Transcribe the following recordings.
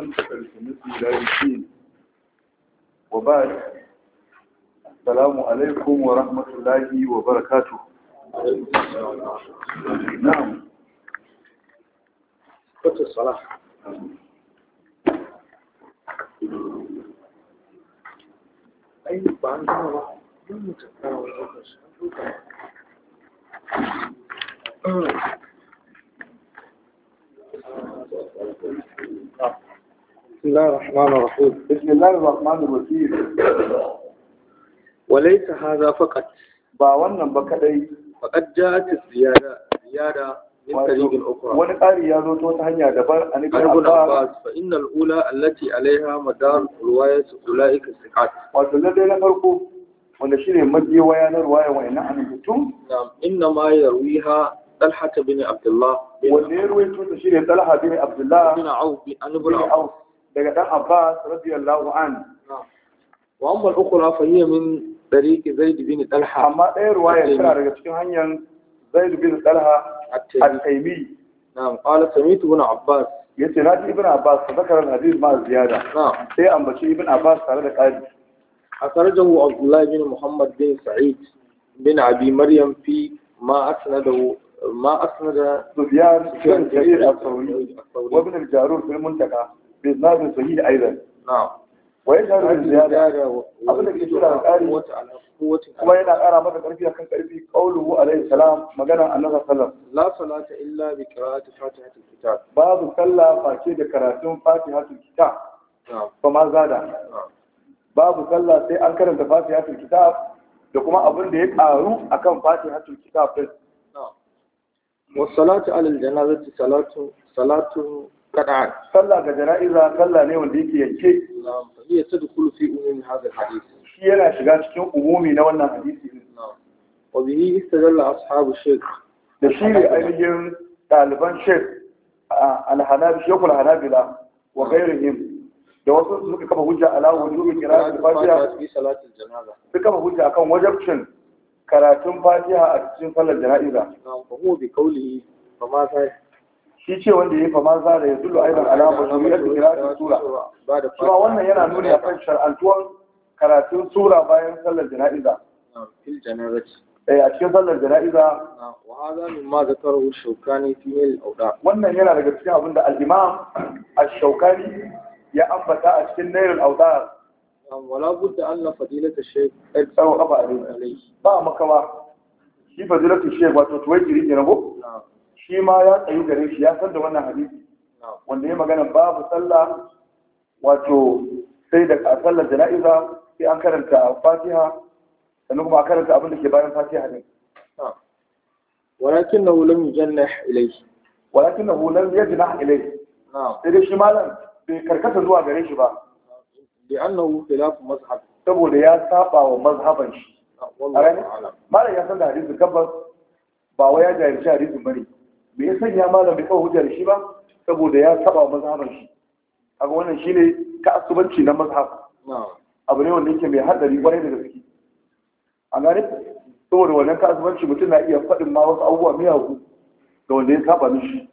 استمسك بسنته الى الدين وبعد السلام عليكم ورحمة الله وبركاته نعم قلت الصلاة أي بعضنا واحد يوم تتناول الأوكس Thank you. بسم الله الرحمن الرحيم بسم الله الرحمن الرحيم ba wannan ba kadai faqad min wani ƙari ya zo ta wata hanya daban an ibn Abbas fa allati alaiha madar wato lalle na farko wanda shine madiya waya na riwaya inna ma Talha bin Abdullah ya ruwaito ta shine Talha bin Abdullah bin Auf an ibn Auf daga dan Abbas radiyallahu an wa amma al-ukhra fa hiya min tariq Zaid bin Talha amma ɗaya ruwaya tana daga cikin hanyar Zaid bin Talha at-Taymi na'am qala sami'tu ibn Abbas yace ji ibn Abbas zakara al-hadith ma ziyada na'am sai ambaci ibn Abbas tare da qadi أخرجه عبد الله بن محمد بن سعيد بن أبي مريم في ما أسنده ما أسند سفيان بن جرير الثوري وابن الجارور في المنتقى بإسناد صحيح أيضا نعم ويشهد بالزيادة أبدا كتير عن قاري kuma yana ƙara masa ƙarfi akan ƙarfi qauluhu alayhi salam magana annabi sallam la salata illa bi qira'ati fatihatil kitab babu sallah face da karatun fatihatul kitab fa ma zada babu sallah sai an karanta fatihatul kitab da kuma abin da ya ƙaru akan fatihatul kitab din salatu sallah ga jana'iza sallah ne wanda yake yanke ya tadkhulu fi shi yana shiga cikin umumi na wannan hadisi wa bihi istadalla ashabu shaykh da shi ne ainihin ɗaliban shaykh alhanabi shaykh alhanabila wa ghairihim da wasu suka kama hujja ala wujubi qira'ati fatiha fi salati aljanaza suka kafa hujja akan wajibcin karatun fatiha a cikin sallar jana'iza wa huwa bi qawlihi fa ma sai shi ce wanda ya yi fama za zara ya aibin aidan alamar juriyar da kirafin sura kuma wannan yana nuni a kan shar'antuwan karatun sura bayan sallar jana'iza eh, a cikin sallar jana'iza wannan yana daga cikin abin da al'imam a shaukani ya ambata a cikin nairin auda wala budda an na fadilata shek tsaro kaba a ba makawa shi fadilata shek wato tuwai kiri ne na ko shi ma ya tsayu gare shi ya san da wannan hadisi wanda ya magana babu sallah wato sai da sallar jana'iza sai an karanta fatiha sannan kuma a karanta abin da ke bayan fatiha ne walakin na lam yujannah ilayhi walakin na lam yajnah ilayhi sai dai shi malam bai karkata zuwa gare shi ba bi annahu khilaf mazhab saboda ya saba wa mazhaban shi malam ya san da hadisin tabbas ba wai ya jahilci hadisin bane me ya sanya malam bai kawo hujjar shi ba saboda ya saba mazhabar shi kaga wannan shine ka asubanci na mazhab abu ne wanda yake mai haɗari kwarai da gaske a gane saboda wannan ka asubanci mutum na iya faɗin ma wasu abubuwa miyagu da wanda ya saba mishi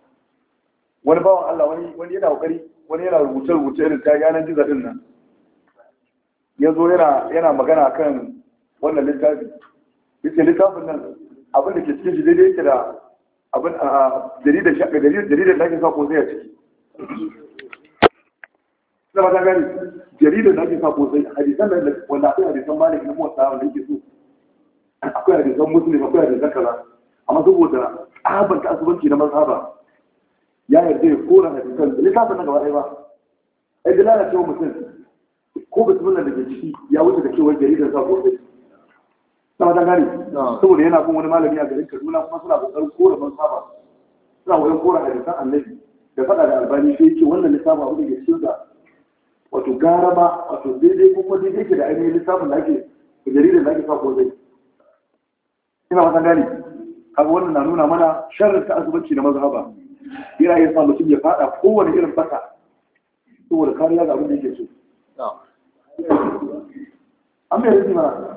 wani bawan Allah wani yana kokari wani yana rubuce rubuce irin ta yanar gizo din nan ya zo yana magana kan wannan littafi yace littafin nan abin da ke cikin shi daidai yake da abin a jaridar da ake sa kosai a ciki na ba ta gani jaridar da ake sa kosai hadisan da wanda akwai hadisan malik na motsa wanda yake so akwai hadisan musulmi akwai hadisan kaza amma saboda tsaban ta asubanci na mazhaba ya yarda ya kora hadisan da littafin na gaba ɗaya ba ai da lalacewa mutum ko bismillah da ke ciki ya wuce da cewar jaridar sa kosai sama ta gane saboda yana kun wani malami a garin kaduna kuma suna kokarin kora man saba suna kokarin kora hadisan annabi da faɗa da albani sai ce wannan lissafin abu da ke cikin da wato gara ma wato daidai kuma daidai ke da ainihin lissafin da ake jaridar da ake sa ko zai ina fatan gane kaga wannan na nuna mana sharrin ta azubanci na mazhaba yana yin sa mutum ya faɗa kowane irin fata saboda kariya ga abin da yake so an bai yanzu mana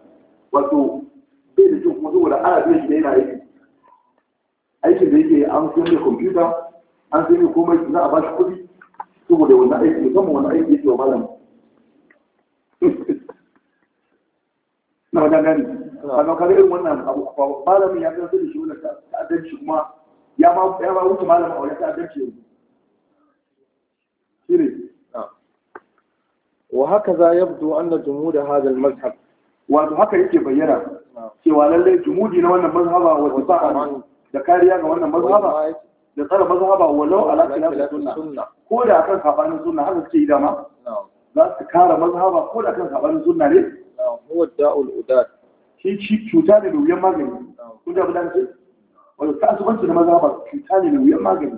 wato bai da jin kuma saboda ana biyan shi da yana aiki aikin da yake an sai mai kwamfuta an sai mai komai za a bashi kuɗi saboda wannan aiki musamman wannan aiki yake wa malam na wajen gani sannan kaga irin wannan abu malamin ya kasance da shi wannan ta'addanci kuma ya ma ya ba wuce malamin a wajen ta'addanci yanzu shine وهكذا يبدو أن جمهور هذا المذهب wato haka yake bayyana cewa lallai jumudi na wannan mazhaba wa tiba'a da kariya ga wannan mazhaba da tsara mazhaba walau ala khilafin sunna ko da akan sabanin sunna haka suke yi dama za su kara mazhaba ko da akan sabanin sunna ne huwa da'ul udad shi shi cuta ne da wuyan magani kun da budan ce wato ta'assubanci na mazhaba cuta ne da wuyan magani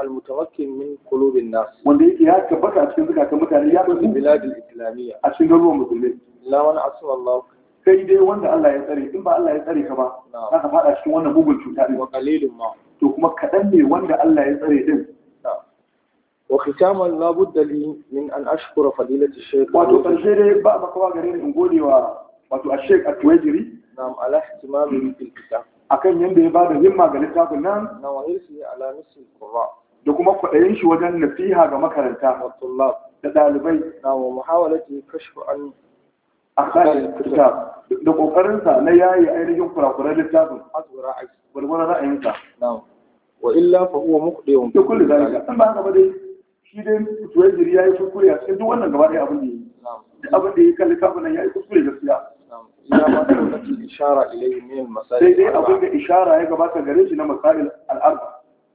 المتمكن من قلوب الناس wanda yake ya tabbata a cikin zakatan mutane ya tabbata biladul islamiyya a cikin garuruwan musulmi la wani asu Allah sai dai wanda Allah ya tsare in ba Allah ya tsare ka ba za ka fada cikin wannan mugun cuta din wa qalilun ma to kuma kadan ne wanda Allah ya tsare din wa khitaman la budda li min an ashkura fadilati shaykh wato karshe dai ba makawa gare ni in gode wa wato a shaykh at-tuwajiri na'am ala ihtimami bil kitab akan yanda ya bada himma ga littafin nan na wa irsi ala nusul qurra da kuma kwaɗayin shi wajen nasiha ga makaranta da ɗalibai na wa muhawalati kashfu an a kayan kitab da kokarinsa na yayi ainihin kurakuran littafin asura aji gurgurar ra'ayinsa wa illa fa huwa muqdiyun to kullu zalika in ba haka ba dai shi dai tuwajiri yayi kuskure a cikin duk wannan gaba ɗaya abin da yi da abin da yi kan littafin nan yayi kuskure gaskiya ina ma da wani ishara ilayhi min masail sai dai abin da ishara ya gabata gare shi na masail al-arba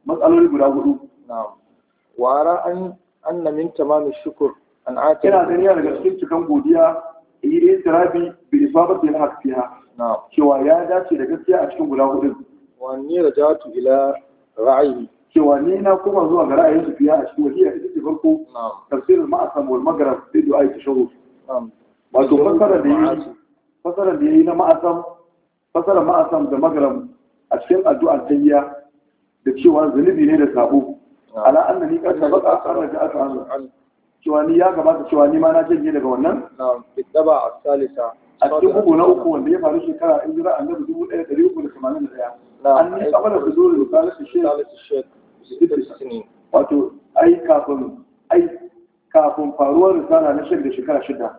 matsaloli guda hudu na'am wa ra an anna min tamam ash-shukr an ata ina ganin daga cikin cikan godiya yi istirabi bi isabati al-haq fiha cewa ya dace da gaskiya a cikin guda hudun wa ni tu ila ra'ayi cewa ni na kuma zuwa ga ra'ayin su fiya a cikin wasiya da take farko tafsir al-ma'sam wal maghrib bi du'a tashawuf wato fasara da yi fasara da yi na ma'asam fasara ma'asam da magaram a cikin addu'ar tayya da cewa zunubi ne da sabo ala annani qad sabaqa da aka anhu شواني يا كبار شواني ما نجد جيل كمان نعم في الدبع الثالثة أشوف أنا أقوى من يفعل شيء كلا إن جرى أن بدو بدو إيه تريو بدو كمان نعم أنا أقبل بدو الثالث الشيء الثالث الشيء ست سنين وأتو أي كافون أي كافون فاروا رسالة نشر لشكل شدة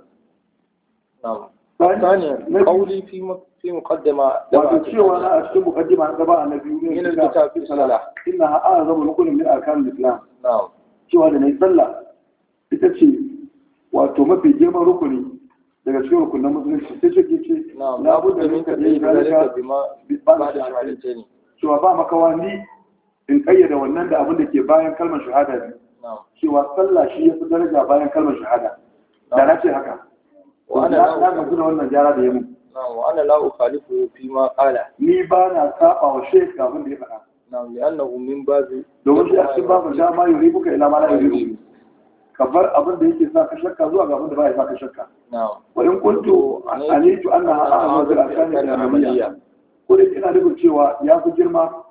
نعم ثانيا قولي في م في مقدمة وأتو أنا أشوف مقدمة عن دبع أن بيوم من الكتاب في الصلاة إنها أعظم نقول من أركان الإسلام نعم شو هذا نزل ita ce wato mafi girman rukuni daga cikin rukunan musulunci sai shi ce na abu da ninka da ya zalika ba da shahadace ne cewa ba makawa ni in kayyada wannan da abin da ke bayan kalmar shahada ne cewa sallah shi ya fi daraja bayan kalmar shahada da na ce haka na gamsu da wannan gyara da ya mu wa'ana la'u khalifu fi ma kala ni ba na saba wa shek abin da ya faɗa na li'annahu min bazi domin shi a cikin babu dama yuri buka ila ma la yuri ka bar abin da yake sa ka shakka zuwa ga abin da baya sa ka shakka wa in kuntu alitu annaha a'zamu bil arkani da amaliyya ko da ina nufin cewa ya fi girma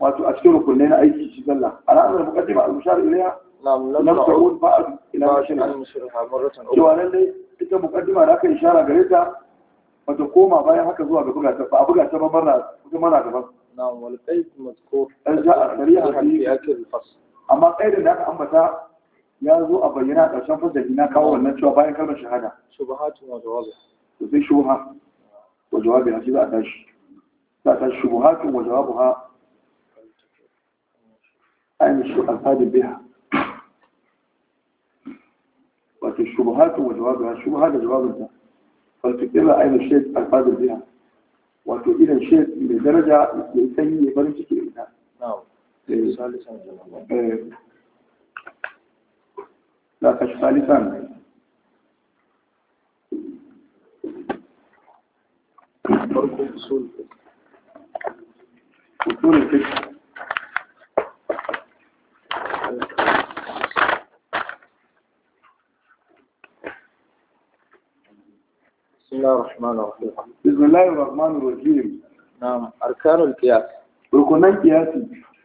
wato a cikin rukunai na aiki shi zalla al'amar muqaddima al-mushar ilayha na ta'ud ba'd ila mashin cewa dai ita muqaddima da aka ishara gare ta wato koma bayan haka zuwa ga buga ba buga ta ba mara ita mara gaba na'am wal qayd mazkur an ja'a sariha fi akil fas amma qaidin da aka ambata ya zo a bayyana ƙarshen fasali na kawo wannan cewa bayan kalmar shahada shubuhatun wa jawabi to sai shubuha wa jawabi na shi za a tashi za a tashi shubuhatun wa jawabu ha ainihin shu alfadin biha wato shubuhatun wa jawabi ha shubuha da jawabinta falfikira ainihin shi alfadin biha wato irin shi mai daraja mai sanyi mai farin ciki da ita لا تشفى لسانك أصول الفقه بسم الله الرحمن الرحيم بسم الله الرحمن الرحيم نعم أركان القياس ركن القياس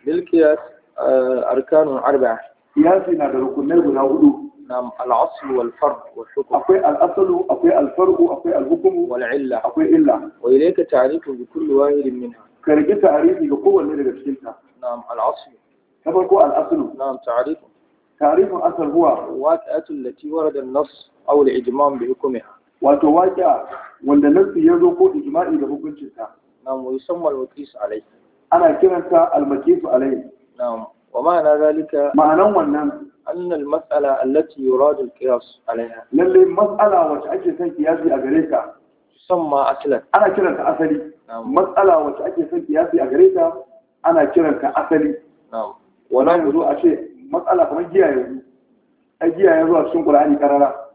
بالقياس آه، أركان أربعة قياسنا نعم، بركن الغدو نعم الأصل والفرع والحكم أقوي الأصل أقوي الفرع أقوي الحكم والعلة أقوي إلا وإليك تعريف بكل واحد منها كرجي تعريف لقوة اللي بشكلتها نعم الأصل تبقى الأصل نعم تعريف تعريف الأصل هو واقعة التي ورد النص أو الإجماع بحكمها وتواقع وأن النص يذوق إجماعي بحكمتها نعم ويسمى المقيس عليه أنا كرنت المقيس عليه نعم ومعنى ذلك معنى ونعم أن المسألة التي يراد القياس عليها للي مسألة وتأكد سن قياسي أغريكا تسمى أصلا أنا كرنك أصلي نعم. مسألة وتأكد سن قياسي أغريكا أنا كرنك أصلي نعم ولا يرو شيء مسألة كما جيا يرو أجيا يرو أشون قرآني كرارا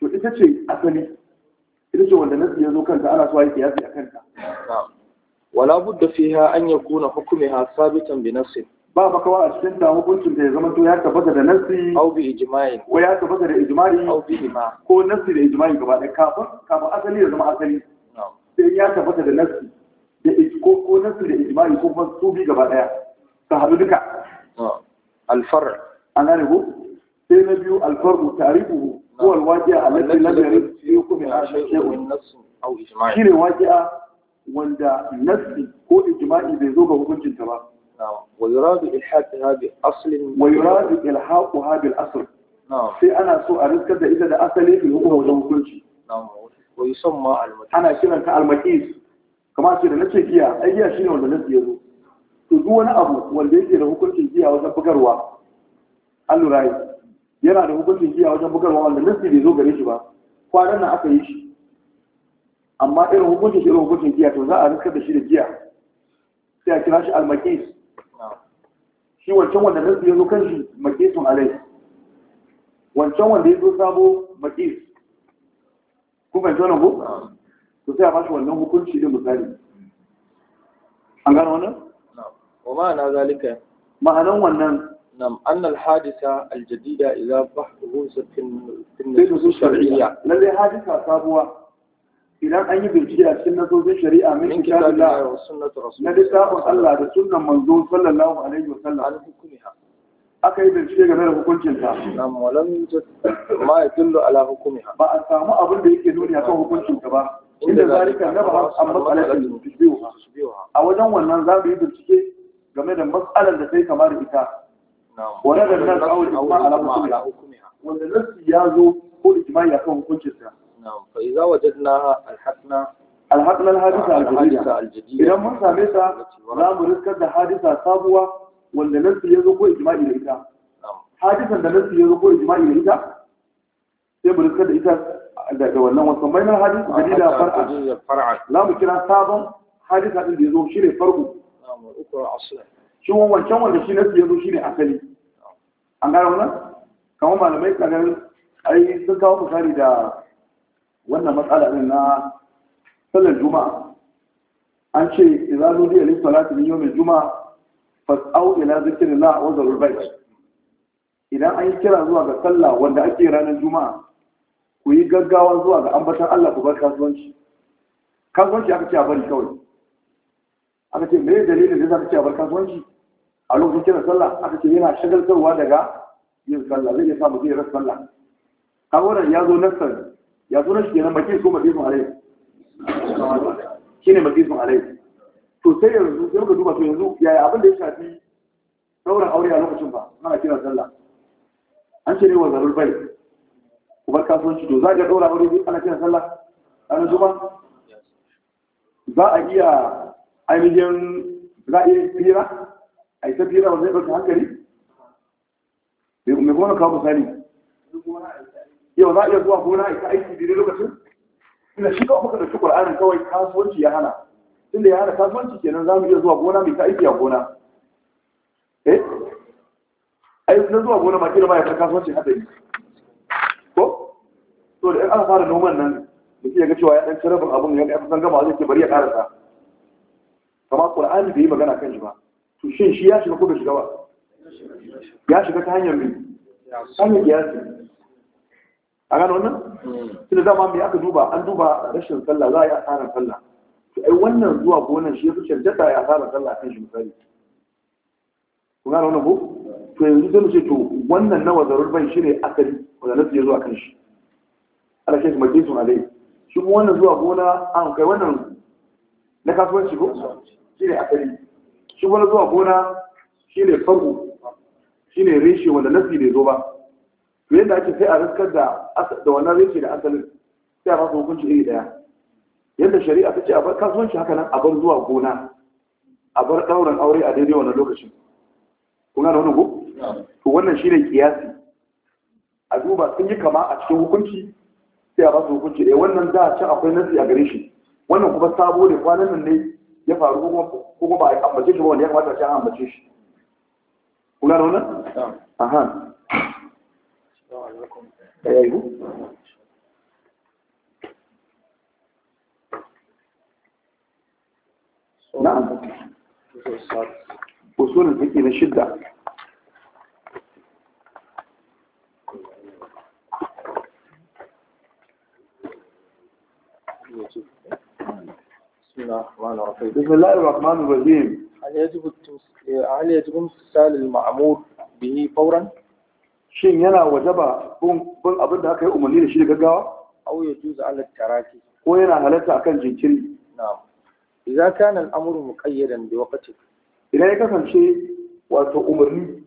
to ita ce asali ita ce wanda nasi ya zo kanta ana so a yi kiyasi a kanta wala budda fiha an yakuna hukmiha sabitan bi nafsin ba ba kawai a cikin ta hukuncin da ya zama to ya tabbata da nasi au bi ijma'i ko ya tabbata da ijma'i au bi ijma ko nasi da ijma'i gaba da kafin kafin asali ya zama asali sai ya tabbata da nasi da ko ko nasi da ijma'i ko kuma su bi gaba daya ta hadu duka alfar an gane ku sai na biyu alfar tarihu ko alwaji'a allati lam yarid fi hukmiha shay'un nass au ijma'i shi ne waji'a wanda nasi ko ijma'i bai zo ga hukuncinta ba نعم ويراد إلحاقها بأصل ويراد إلحاقها بالأصل نعم في أنا سوء رزقك إذا ده أصلي في الحكم وجه كل شيء نعم ويسمى المكيس أنا كنا كالمكيس كما ce da nace giya ai giya shine wanda nace yazo to duk wani abu wanda yake da hukuncin giya wajen bugarwa an yana da hukuncin giya wajen bugarwa wanda nace bai zo gare shi ba kwanan nan aka yi shi amma irin hukuncin shi irin hukuncin giya to za a da shi da sai a kira shi almakis shi wancan wanda nasu ya zo kan shi makisun alai wancan wanda ya zo sabo makis kun fahimci wannan ko to sai a bashi wannan hukunci da misali an gano wannan wa ma'ana zalika ma'anan wannan nam anna al-hadisa al-jadida idza bahtuhu fi fi nusus shar'iyya lalle sabuwa idan an yi bincike a cikin nasozin shari'a min kitabillah wa na littafin Allah da sunan manzo sallallahu alaihi wa sallam aka yi bincike game da hukuncin ta nam walam ma ala hukmiha ba a samu abin da yake nuni akan hukuncin ta ba inda zalika na ba an mas'alar da tusbihuha a wajen wannan za mu yi bincike game da matsalar da sai kamar ita wa nadar nan kawai ijma ala hukmiha wanda nasi ya zo ko ijma ya kan hukuncin ta نعم فإذا وجدناها الحقنا الحقنا الحادثة الجديدة إذا من سامسة لا حادثة صابوة wanda nassi ya zo ko da ita hadisan da nassi ya zo ko da ita sai mu riskar ita wannan wasan bai nan hadisi dalila far'a la mu kira sabon hadisa din da ya zo shine farko shi wancan wanda shi nassi ya zo asali an kamar malamai kanar ai sun da wannan matsala ɗin na sallar juma'a an ce idan zo da salatu min yawmin juma'a fas'au ila zikrillah wa zarul bait idan an yi kira zuwa ga sallah wanda ake ranar juma'a ku yi gaggawa zuwa ga ambatan Allah ku bar kasuwanci kasuwanci aka ce a bari kawai aka ce mai dalilin da zaka ce a bar kasuwanci a lokacin kira sallah aka ce yana shagaltarwa daga yin sallah zai iya samu zai ya rasa sallah kawo ya zo nasar ya suna shi yana makin ko sun, alai shi ne sun, alai to sai yanzu sai muka duba to yanzu yaya abin da ya shafi sauran aure a lokacin ba ana kira sallah an ce ne wa zarur bai ku bar kasuwanci to za a ga ɗora aure ana kira sallah ranar zuba? za a iya ainihin za a iya fira a yi ta fira wanda ya ɗauka hankali me kuma na kawo misali yau za a iya zuwa gona ita aiki daidai lokacin ina shi kawai muka ɗauki ƙur'anin kawai kasuwanci ya hana da ya hana kasuwanci kenan za mu iya zuwa gona mai ta aiki a gona eh ai na zuwa gona ma kira ma ya san kasuwanci hada yi ko to da ana fara noman nan da ke ga cewa ya ɗan rabin abin ya ga san gama zai ke bari ya karasa amma qur'ani bai yi magana kan shi ba to shin shi ya shiga ko bai shiga ba ya shiga ta hanyar mai hanyar a gano wannan hmm. tunda dama mai aka duba an duba rashin sallah za a yi asarar sallah to ai wannan zuwa gonan shi ya fi cancanta ya asarar sallah a kan shi misali ku gano wannan ko to yanzu zai ce to wannan na wazarur bai shi ne asali wanda na ya zuwa kan shi ana shi kuma jisun alai shi kuma wannan zuwa gona an kai wannan na kasuwanci ko shi ne asali shi kuma zuwa gona shi ne farko shi ne reshe wanda nasu bai zo ba to yadda ake sai a riskar da da wannan rike da asalin sai a fasa hukunci iri daya yadda shari'a ta ce a bar kasuwanci haka nan a bar zuwa gona a bar ɗaurin aure a daidai wannan lokacin kuna da wani ko to wannan shine kiyasi a duba sun yi kama a cikin hukunci sai a fasa hukunci ɗaya eh, wannan da can akwai nasi a gare shi wannan kuma sabo ne kwanan nan ne ya faru ko kuma ba a ambace shi ba wanda ya kamata a can ambace shi kuna da wannan aha أيوه. نعم وصول الفكر من الشدة بسم الله الرحمن الرحيم بسم الله الرحمن الرحيم هل يجب هل يجب امتثال المأمور به فورا؟ shin yana wajaba bin abin da aka yi umarni da shi da gaggawa aw ya juzu ala taraki ko yana halatta akan jinkiri na'am idan kana al'amuru muqayyadan da wakati. idan ya kasance wato umarni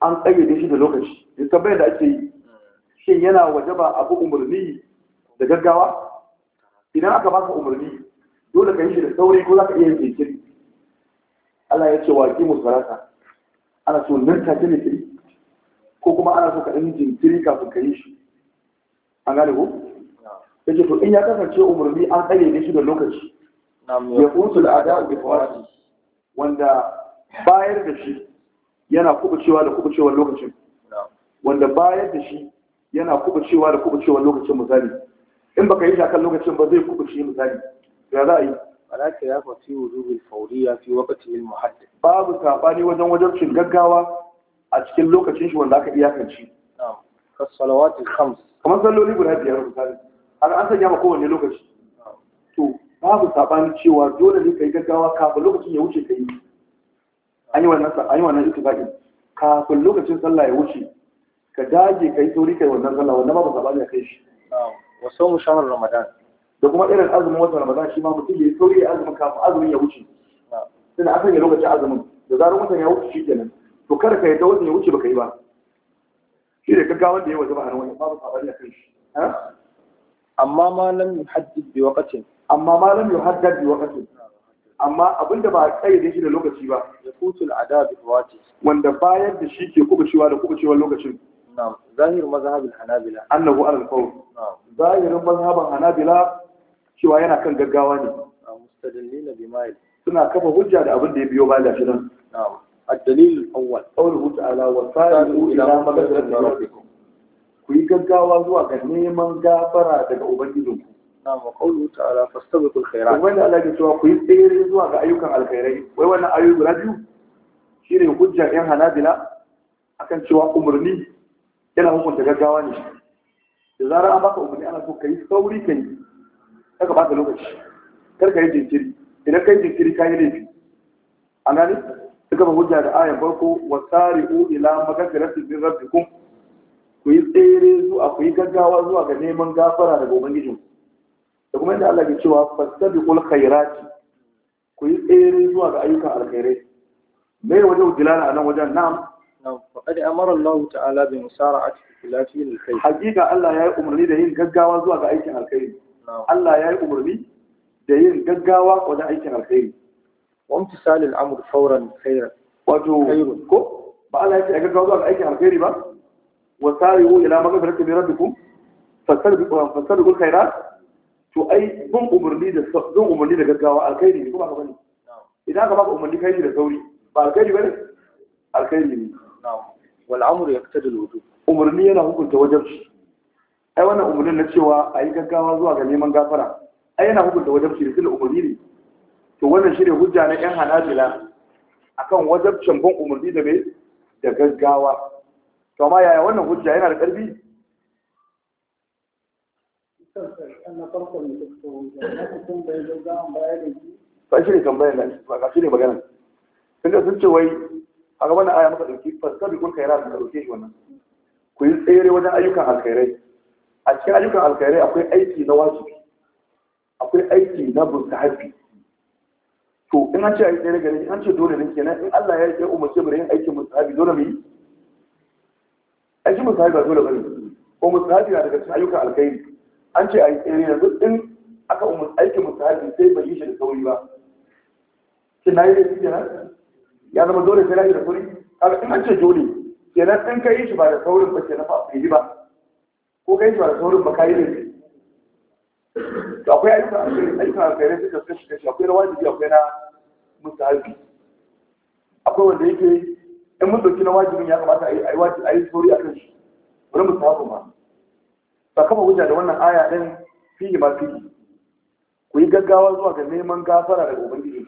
an kayyade shi da lokaci da tabbai da ake yi shin yana wajaba abu umarni da gaggawa idan aka baka umarni dole ka yi shi da sauri ko za ka iya yin jinkiri Allah ya ce wa ki musalata ana so nan take ne ko kuma ana so ka ɗan jinkiri kafin ka yi shi an gane ko ya ce to in ya kasance umarni an tsaye shi da lokaci ya kusa da ada da fawasi wanda bayar da shi yana kubucewa da kubucewar lokacin wanda bayar da shi yana kubucewa da kubucewar lokacin misali in baka yi shakan lokacin ba zai kubuce misali ya za a yi ala khilafa fi wujubil ya fi wakati al muhaddad babu sabani wajen wajen cin gaggawa a cikin lokacin shi wanda aka iyakance kasalawatin khams kamar salloli guda biyar misali har an sanya ma kowanne lokaci to babu sabani cewa dole ne kai gaggawa kafin lokacin ya wuce kai an yi wannan an yi wannan ittifaqi kafin lokacin sallah ya wuce ka dage kai sauri kai wannan sallah wannan babu sabani kai shi wa sawmu shahr ramadan da kuma irin azumin watan ramadan shi ma mutum ya yi sauri ya azumin kafin azumin ya wuce tunda an sanya lokacin azumin da zarar watan ya wuce shi kenan to kada ka yadda wasu ya wuce baka yi ba shi da gaggawa da ya waje ba a wani babu sabani a kan shi amma ma lam yuhaddid bi waqtin amma ma lam yuhaddad bi waqtin amma abinda ba a da shi da lokaci ba ya kutul adab wace wanda bayan da shi ke kubucewa da kubucewar lokacin na'am zahir mazhab hanabila annahu ala al-qawl na'am zahirin mazhaban hanabila cewa yana kan gaggawa ne mustadillina bi ma'il suna kafa hujja da abin da ya biyo ba da shi nan na'am الدليل الأول قوله تعالى وسارعوا إلى مغفرة من ربكم كوي غغاوا زوا ga neman gafara daga ubangijinku na ma qawlu ta'ala fastabiqul khairat wanda Allah ya cewa tsere zuwa ga ayyukan alkhairai wai wannan ayoyi biyu shine hujjar yan hanabila akan cewa umarni yana hukunta gaggawa ne da zarar an baka umarni ana so kai sauri kai kaka baka lokaci kar ka yi jinkiri idan kai jinkiri ka yi laifi a gani kafa hujja da ayan farko wa sari'u ila magfiratin min rabbikum ku yi tsere zuwa ku yi gaggawa zuwa ga neman gafara daga ubangijin da kuma inda Allah ke cewa fastabiqul khairati ku yi tsere zuwa ga ayyukan alkhairai Me mai wajen jilala a nan wajen na'am فقد أمر الله تعالى بمسارعة في Hakika Allah ya yi umarni da yin gaggawa zuwa ga aikin alkhairi Allah ya yi umarni da yin gaggawa wajen aikin alkhairi وامتثال الامر فورا خيرا وجو gaggawa zuwa aikin لا ba? Wa جواب اي خير بقى وسارعوا الى مغفرة من ku? فاستبقوا فاستبقوا الخيرات to ai bin umarni da zan umarni da gaggawa alkhairi ne kuma ka bane idan ka baka umarni kai da sauri ba alkhairi ne alkhairi ne wal ya fita da lodo umarni yana hukunta wajen shi. ai wannan umarnin na cewa a yi gaggawa zuwa ga neman gafara ai yana hukunta wajen shi da sila umarni ne to wannan shi ne hujja na yan hanabila akan wajabcin bin umarni da mai da gaggawa to amma yaya wannan hujja yana da ƙarfi ba shi ne tambayar nan ba shi ne magana sun ga sun ce wai a gaban na aya maka ɗauki fasabi kun kai rasu ka ɗauke shi wannan ku yi tsere wajen ayyukan alkhairai a cikin ayyukan alkhairai akwai aiki na wajibi akwai aiki na mustahabi to in an ce a yi tsere gare Ina an ce dole ne kenan in Allah ya ce umarce mu da yin aikin musahabi dole mu yi aikin musahabi ba dole ne. ko musahabi na daga cikin ayyukan alkhairi an ce a yi tsere yanzu in aka umar aikin musahabi sai bai yi shi da sauri ba shin na yi da kenan ya zama dole sai na yi da sauri kaga in an ce dole kenan in ka yi shi ba da saurin ba kenan ba a ba ko ka yi shi ba da saurin ba ka yi da to akwai ayyuka ayyuka alkhairai suka kashi kashi akwai na wajibi akwai na mustahabi akwai wanda yake in mun dauki na wajibin ya kamata a yi wajibi a yi tsori a kan shi wani mustahabi ma ba kafa hujja da wannan aya din fiye ma fiye ku yi gaggawa zuwa ga neman gafara daga ubangiji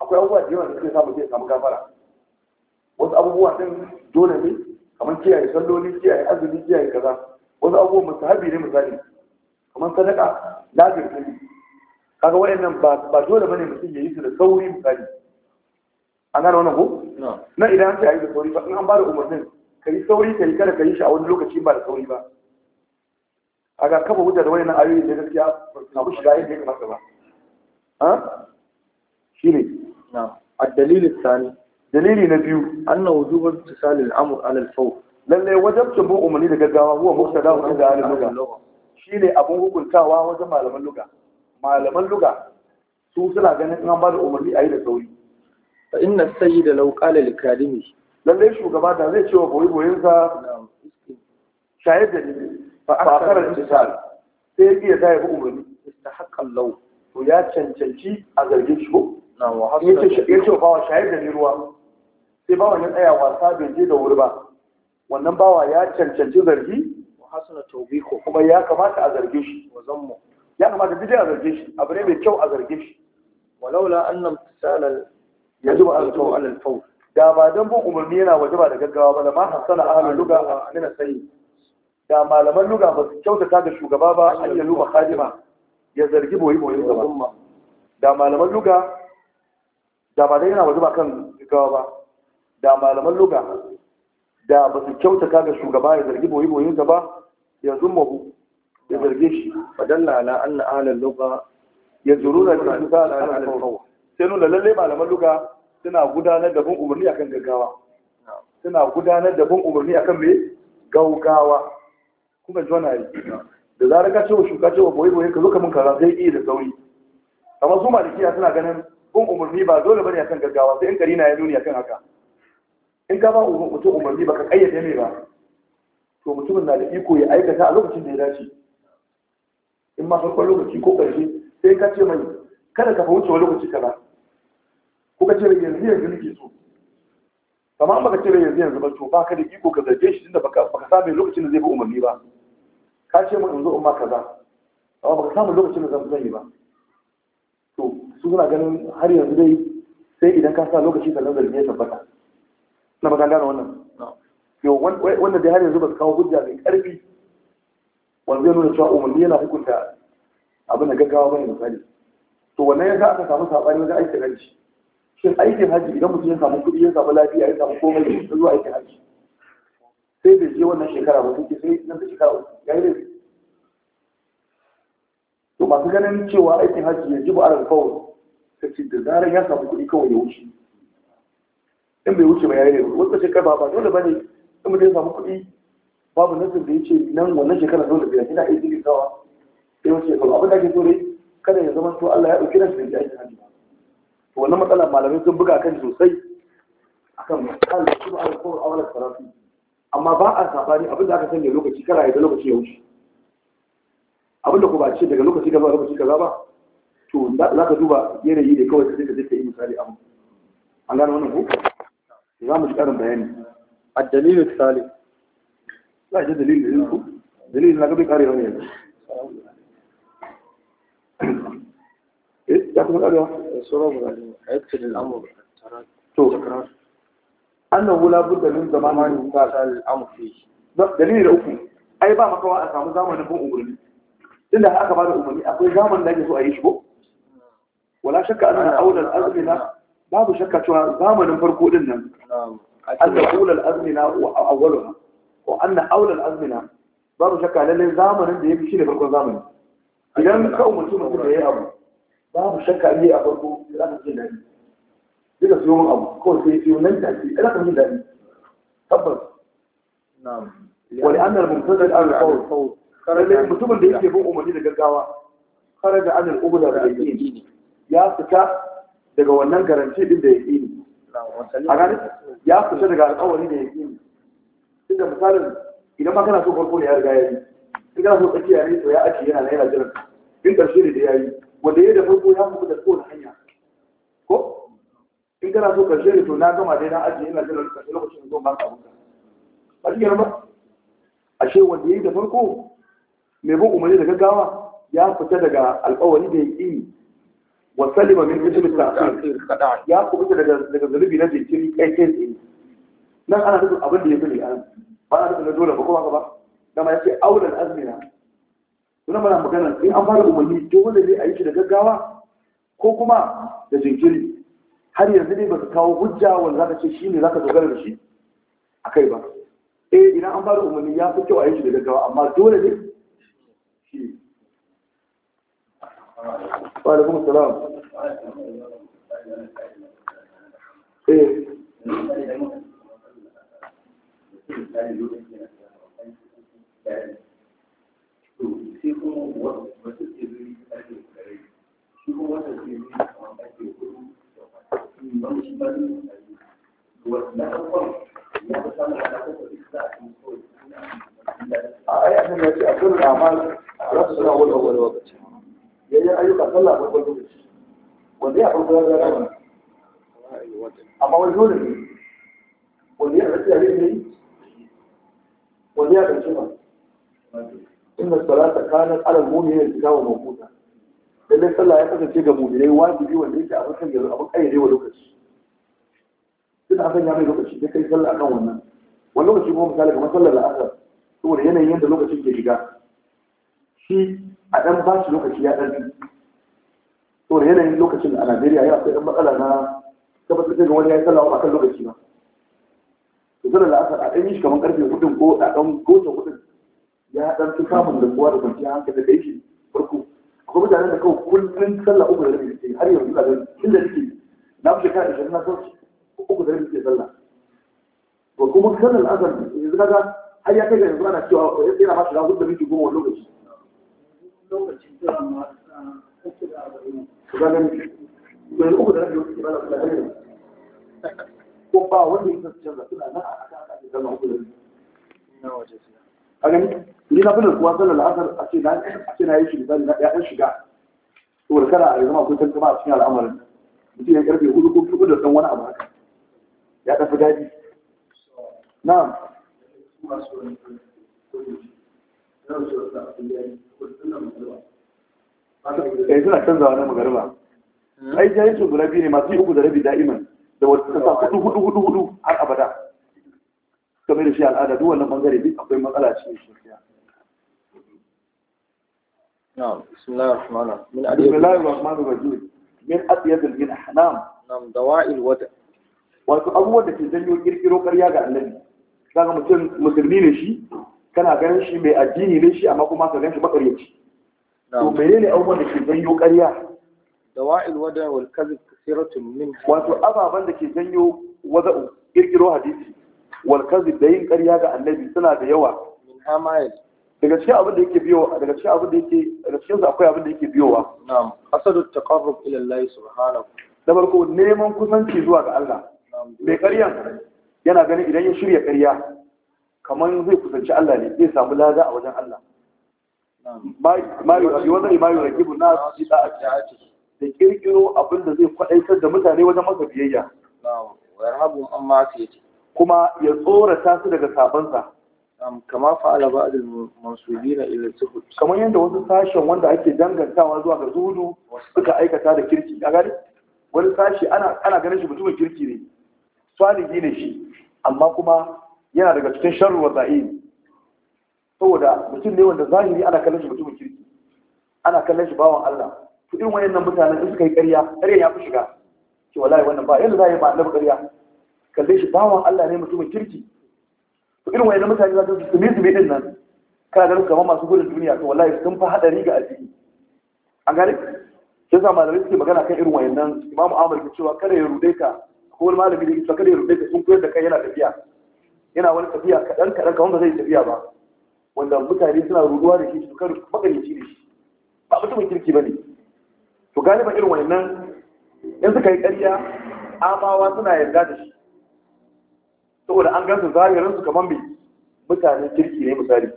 akwai abubuwa da yawa da suke samu zai samu gafara wasu abubuwa din dole ne kamar kiyaye salloli kiyaye azumi kiyaye kaza wasu abubuwa mustahabi ne misali kamar sadaka lafiyar kani kaga wayannan ba ba dole bane mutum ya yi su da sauri misali an gane wannan ko na idan ka ce a yi da sauri ba in an ba da umarnin ka yi sauri ka yi kada ka yi shi a wani lokaci ba da sauri ba a ga kafa hujja da wani ayoyi da gaskiya na ku shiga yadda ya kamata ba ha shi ne a dalilin sani dalili na biyu an na wujubar tisalin amur alal fau lallai wajabcin bin umarni da gaggawa huwa muktada wa da alal lugha shi ne abin hukuntawa wajen malaman luga malaman luga su suna ganin an ba da umarni a yi da sauri fa inna sayyida law qala lil kadimi lalle shugaba da zai wa boye boyen sa shayar da ni fa akara intisal sai ya ga ya umarni istahaqqan law to ya cancanci a zargin shi ko na wa hasa ya ce bawa shayar da ni ruwa sai bawa ya tsaya wasa bai je da wuri ba wannan bawa ya cancanci zargi hasana tawbiqo kuma ya kamata a zarge shi wa ya kamata bidai a zarge shi abu ne mai kyau a zarge shi walaula annam ya zuba an tawu alal fawl da ba dan bu umarni yana waje ba da gaggawa ba da ma hasana ahlul lugha min sayyi da malaman luga ba su kyautata da shugaba ba an yi ba khadima ya zargi boye boye gaba da malaman luga da ba dai yana ba kan gaggawa ba da malaman luga da ba su kyautaka ga shugaba ya zargi boye boyen ba ya zummahu ya zarge shi fadalla ala anna ahlal lugha yanzuruna bi misal ala al-qawl sai nuna lalle malaman lugha suna gudanar da bin umarni akan gaggawa suna gudanar da bin umarni akan me gaugawa kuma jona yi da zarar ka cewa shuka cewa boye boye ka zo ka mun kaza sai yi da sauri amma su malikiya suna ganin bin umarni ba dole bane akan gaggawa sai in karina ya nuni akan haka in ka ba mutum umarni baka kayyade mai ba to mutumin na da iko ya aikata a lokacin da ya dace in ma farkon lokaci ko ƙarshe sai ka ce mai kada ka fahimci wa lokaci kaza ko ka ce yanzu yanzu nake so amma an baka ce mai yanzu yanzu ba to ba ka da iko ka zarge shi tunda baka baka samu lokacin da zai ba umarni ba ka ce mai yanzu umma kaza amma baka samu lokacin da zan yi ba to su suna ganin har yanzu dai sai idan ka sa lokaci sannan zargi ya tabbata na ba gane wannan yau wannan da har yanzu ba su kawo hujja mai karfi wanda zai nuna cewa umarni yana hukunta abin da gaggawa bane misali to wannan yasa aka samu sabani wajen aikin hajji shin aikin hajji idan mutum ya samu kuɗi ya samu lafiya ya samu komai ya zuwa aikin hajji sai bai je wannan shekara ba sai sai nan da shekara ya yi laifi to masu ganin cewa aikin hajji ya jibu alal kawai ce da zarar ya samu kuɗi kawai ya wuce in bai wuce mai yare wasu ce karfa ba dole bane in mutum ya samu kuɗi babu nasin da ya ce nan wannan shekara dole biya ina iya jirgin gawa sai wasu shekaru abin da ake so dai kada ya zama to Allah ya ɗauki nasu da ya aiki hajji to wannan matsala malamai sun buga kan sosai akan kan su ba a kowar awalar sarafi amma ba a sabani abin da aka sanya lokaci kara ya da lokaci ya wuce abin da ku ba ce daga lokaci kaza lokaci kaza ba to za ka duba yanayi da kawai ka je ka je ka yi misali amma an gano wannan ku لا مش كارم بهم الدليل الثالث لا هذا دليل دليل لا قبل كاري هون إيه تأكل الأدوة سورة عدل الأمر تكرار أنه لا بد من زمان من قال الأمر فيه دليل الأوفي أي بعض مقوى أسامة زمان نبوء أمري إلا هذا بعد أمري أقول زمان لا يسوء أي شبه ولا شك أن أولى الأزمنة babu shakka cewa zamanin farko din nan an da ulal azmina wa ko an na aulal azmina babu shakka lallai zamanin da ya fi shi ne farkon zamani idan ka umarci mutum da ya abu babu shakka ne a farko za ka ji daɗi zai ka siyo abu kawai sai siyo nan da take ɗan ka ji daɗi tabbas wani an nan mutum da an kawo lallai mutumin da yake bin umarni da gaggawa kare da an al'ubu da ya fita daga wannan garanti din da yaqini a gani ya fita daga alƙawari da tun da misalin idan ma kana so farko ne ya riga ya yi in kana so tsakiya ne to ya ake yana na yana jiran in ƙarshe ne da ya yi wanda ya da farko ya mutu da kowane hanya ko in kana so ƙarshe ne to na gama dai na ajiye yana jiran ƙarshe lokacin zo ba ka abuka ba shi ba ashe wanda ya yi da farko mai bin umarni da gaggawa ya fita daga alƙawari da ne. wasalima min mutum ta'khir ya kubuta daga daga zulubi na jinkiri kai kai tsaye nan ana nufin abin da ya fi a nan ba ana nufin dole ba kuma ka ba dama ya ce auren azmina suna mana magana in an fara umarni dole ne a yi shi da gaggawa ko kuma da jinkiri har yanzu ne ba su kawo hujja wanda zaka ce shine zaka dogara da shi akai ba eh idan an fara umarni ya fi kyau a yi shi da gaggawa amma dole ne shi وعليكم السلام ايه أي أحد يأتي أكل الأعمال رأسنا هو الأول وقت ya ayyuka sallah farkon lokaci wanda ya farko ya gaba amma wani dole ne wanda ya ɗauki yare ne wanda ya ɗauki ma inna salata kanat ala mu'minin kitabu mawquta lalle sallah ya kasance ga mu'minai wajibi wanda yake abin kan yanzu abin kayyade wa lokaci duk hakan ya mai lokaci da kai sallah akan wannan wani lokaci kuma misali kamar sallar la'asar saboda yanayin yadda lokacin ke shiga shi a ɗan ba shi lokaci ya ɗan to da yanayin lokacin a Najeriya ya sai ɗan matsala na tabbatar da wani ya yi sallah ba kan lokaci ba to zan la'asar a ɗan yi shi kamar ƙarfe hudun ko a ɗan gota hudun ya ɗan fi samun da kowa da kwanciya, hankali da shi, farko akwai mutanen da kawai kullum sallah uku da rabi suke har yanzu da rabi tun da suke na fi shekara ashirin na sauki uku da rabi suke sallah to kuma sallar la'asar yanzu kaga har ya kai ga yanzu ana cewa yana ma shiga hudu da minti goma wani lokaci lokacin da ma uku da arba'in ku ga gani mai uku da rabi kuke bala kula ba wanda yake canza suna nan a kan aka zama uku da rabi na waje suna a gani ni na fara sallar asar a ce na a ce na yi shi misali na da dan da saboda kana a zama akwai tantama al'amarin mutum ya karfe hudu ko hudu da dan wani abu haka ya tafi daji na'am Thank you. eh suna canzawa na magarba ai jahilcin guda biyu ne masu yi uku da rabi da'iman da wata kasa hudu hudu hudu hudu har abada kamar da shi al'ada duk wannan bangare duk akwai matsala cikin shi ya بسم الله الرحمن الرحيم من أديب بسم الله الرحمن الرحيم من أديب الجنحنام نعم دواء الوضع wato abubuwan da ke janyo kirkiro karya ga annabi kaga mutum musulmi ne shi kana ganin shi mai addini ne shi amma kuma ka ganin shi makaryaci to menene abubuwan da ke janyo ƙarya dawa'il wada wal kadhib kathiratun min wato ababan da ke janyo wada'u kirkiro hadisi wal kadhib da yin ƙarya ga annabi suna da yawa min hamayil daga cikin abin da yake biyo daga cikin abin da yake daga cikin su akwai abin da yake biyowa na'am asadu taqarrub ila Allah subhanahu da farko neman kusanci zuwa ga Allah mai ƙarya yana ganin idan ya shirya ƙarya kamar zai kusanci Allah ne zai samu lada a wajen Allah mayu rabi wannan mayu rakibu na su da ajiyati da kirkiro abin da zai kwadaitar da mutane wajen masa biyayya yarhabu an ma yake kuma ya tsorata su daga sabansa kama fa'ala ba'dul mansubina ila zuhud kamar yadda wasu sashen wanda ake dangantawa zuwa ga zuhudu suka aikata da kirki a gari wani sashi ana ganin shi mutumin kirki ne salihi ne shi amma kuma yana daga cikin sharru wa za'im saboda mutum ne wanda zahiri ana kallon shi mutumin kirki ana kallon shi bawan Allah to irin wayannan mutanen da suka yi ƙarya ƙarya ya fi shiga ce wallahi wannan ba yadda za a yi ba annabi ƙarya kalle shi bawan Allah ne mutumin kirki to irin wayannan mutane za su su mizu din nan kana ganin kamar masu gudun duniya to wallahi sun fa hadari ga addini an gane sai sa malamai suke magana kan irin wayannan imamu Ahmad ke cewa kada ya rude ka ko wani malami da yake kada ya rude ka sun koyar da kai yana tafiya yana wani tafiya kaɗan kaɗan kamar ba zai tafiya ba wanda mutane suna ruduwa da shi su kan magarici da shi ba mutumin kirki ba ne to galiba irin wannan in suka yi ƙarya amawa suna yarda da shi saboda an gansu zahirin su kamar bai mutane kirki ne misali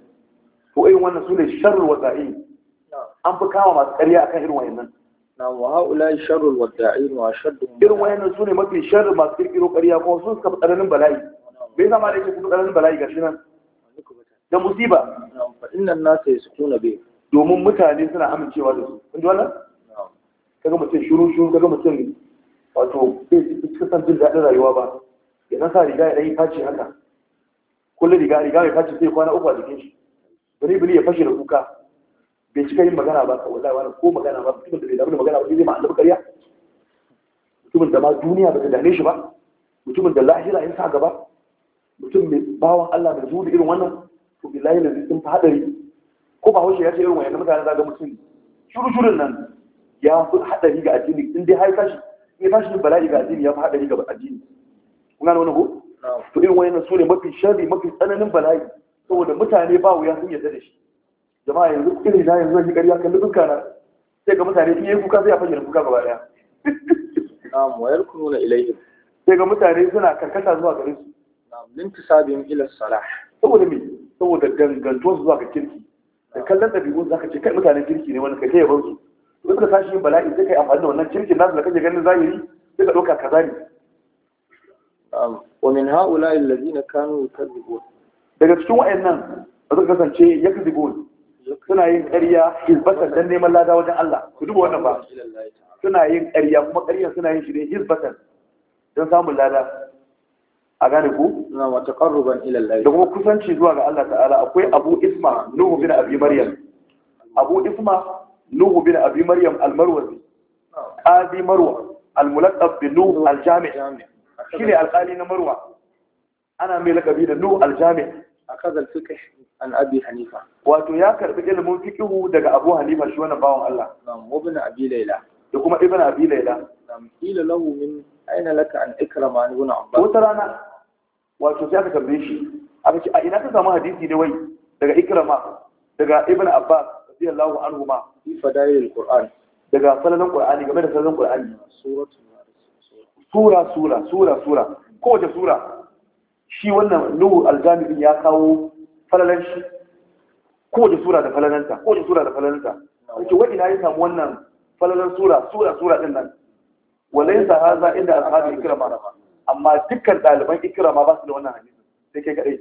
to irin wannan su ne sharrul waza'i an fi kama masu ƙarya akan irin wannan na wa haula sharrul wada'in wa shaddu irin wayannan su ne mafi sharru masu kirkiro ƙarya kuma sun suka fi tsananin bala'i bai zama da yake kuma ƙaramin bala'i ga shi nan da musiba innan nasa ya sukuna bai domin mutane suna amincewa da su kun ji wannan kaga mutum shuru shuru kaga mutum wato bai cikin san jin daɗin rayuwa ba ya san sa riga ya ɗan faci haka kullum riga riga mai faci sai kwana uku a jikin shi bari bari ya fashe da kuka bai cika yin magana ba ka wallahi wani ko magana ba mutumin da bai damu da magana ba zai ma annabi ƙarya mutumin da ma duniya ba ta dame shi ba mutumin da lahira ya sa gaba mutum mai bawan Allah da zuwa irin wannan to billahi da sun fi hadari ko ba hoshe ya ce irin wayannan mutane zaga mutum shuru shurun nan ya fi hadari ga addini in dai har tashi in ya tashi bala'i ga addini ya fi hadari ga addini kun gane wani ko to irin wayannan su ne mafi sharri mafi tsananin bala'i saboda mutane ba wuya sun yarda da shi jama'a yanzu irin na yanzu zan ƙarya kan dukkan na sai ga mutane in yi kuka sai ya fage da kuka gaba daya na'am wayar kununa ilaihim sai ga mutane suna karkata zuwa gare su lintisabin ila salah saboda me saboda zuwa ga kirki da kallon mutanen kirki ne wanda kai yin bala'i sai kai amfani da wannan kirkin nasu da kake ganin zahiri sai ka ɗauka kaza ne wa min na kanu daga cikin wayannan da suka kasance yakzibun suna yin ƙarya hizbatan dan neman lada wajen Allah ku duba wannan ba suna yin ƙarya kuma ƙarya suna yin shi ne hizbatan don samun lada a gane ku na wata qarruban ila da kuma kusanci zuwa ga Allah ta'ala akwai Abu Isma Nuhu bin Abi Maryam Abu Isma Nuhu bin Abi Maryam al-Marwazi qadi Marwa al-mulaqab bi Nuh al-Jami' shine alqali na Marwa ana mai lakabi da Nuh al-Jami' akazal an Abi Hanifa wato ya karbi ilimin fiqh daga Abu Hanifa shi wannan bawon Allah na'am ibn Abi Layla da kuma ibn Abi Layla na'am ila lahu min aina laka an ikrama ibn Abbas wata rana wato sai aka tambaye shi aka ce a ina ka samu hadisi ne wai daga ikrama daga ibn abbas radiyallahu anhu ma fi fadailil qur'an daga falalan qur'ani game da falalan qur'ani sura sura sura sura ko da sura shi wannan nuhu aljami'in ya kawo falalan shi ko da sura da falalanta ko da sura da falalanta kace wai ina ya samu wannan falalan sura sura sura din nan walaysa haza inda ashabi ikrama amma dukkan ɗaliban ikirama ba su da wannan hadisi sai kai kaɗai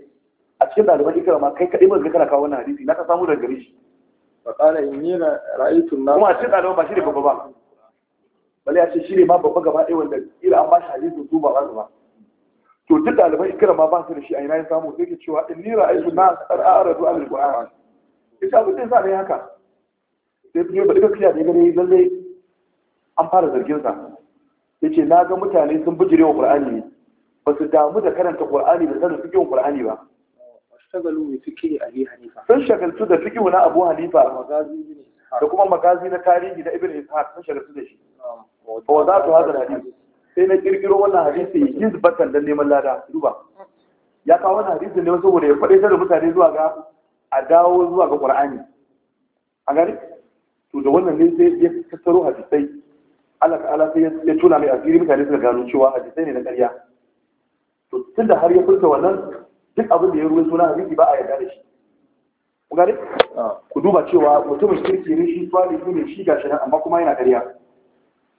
a cikin ɗaliban ikirama kai kaɗai ba ga kana kawo wannan hadisi na ka samu daga gare shi fa qala inni ra'aytu na kuma a cikin ɗaliban ba shi ne babba ba bale ya ce shi ne ma babba gaba ɗaya wanda ira an ba shi hadisi su ba za ba to duk ɗaliban ikirama ba su da shi a ina ya samu sai ke cewa inni ra'aytu na ar'aradu al-qur'an ita abin da sa ne haka sai fiye ba duka kiyar da ya gane lallai an fara zargin sa yace na ga mutane sun bijire wa qur'ani ne ba su damu da karanta qur'ani da sanin fiqhin qur'ani ba shagalu hanifa sun shagaltu da fiqhi na abu hanifa da kuma magazi na tarihi na ibn ishaq sun shagaltu da shi fa wadatu hadha hadisi sai na kirkiro wannan hadisi zubatan dan neman lada duba ya kawo wannan hadisi ne saboda ya faɗe da mutane zuwa ga a dawo zuwa ga qur'ani a gari to da wannan ne sai ya tattaro hadisai Allah ta'ala sai ya tuna mai asiri mutane suka gano cewa hadisai ne na ƙarya to tun da har ya furta wannan duk abin da ya ruwa suna hadisi ba a yarda da shi ku gane ah. ku duba cewa mutumin kirki ne shi salihu ne shi gashi nan amma kuma yana ƙarya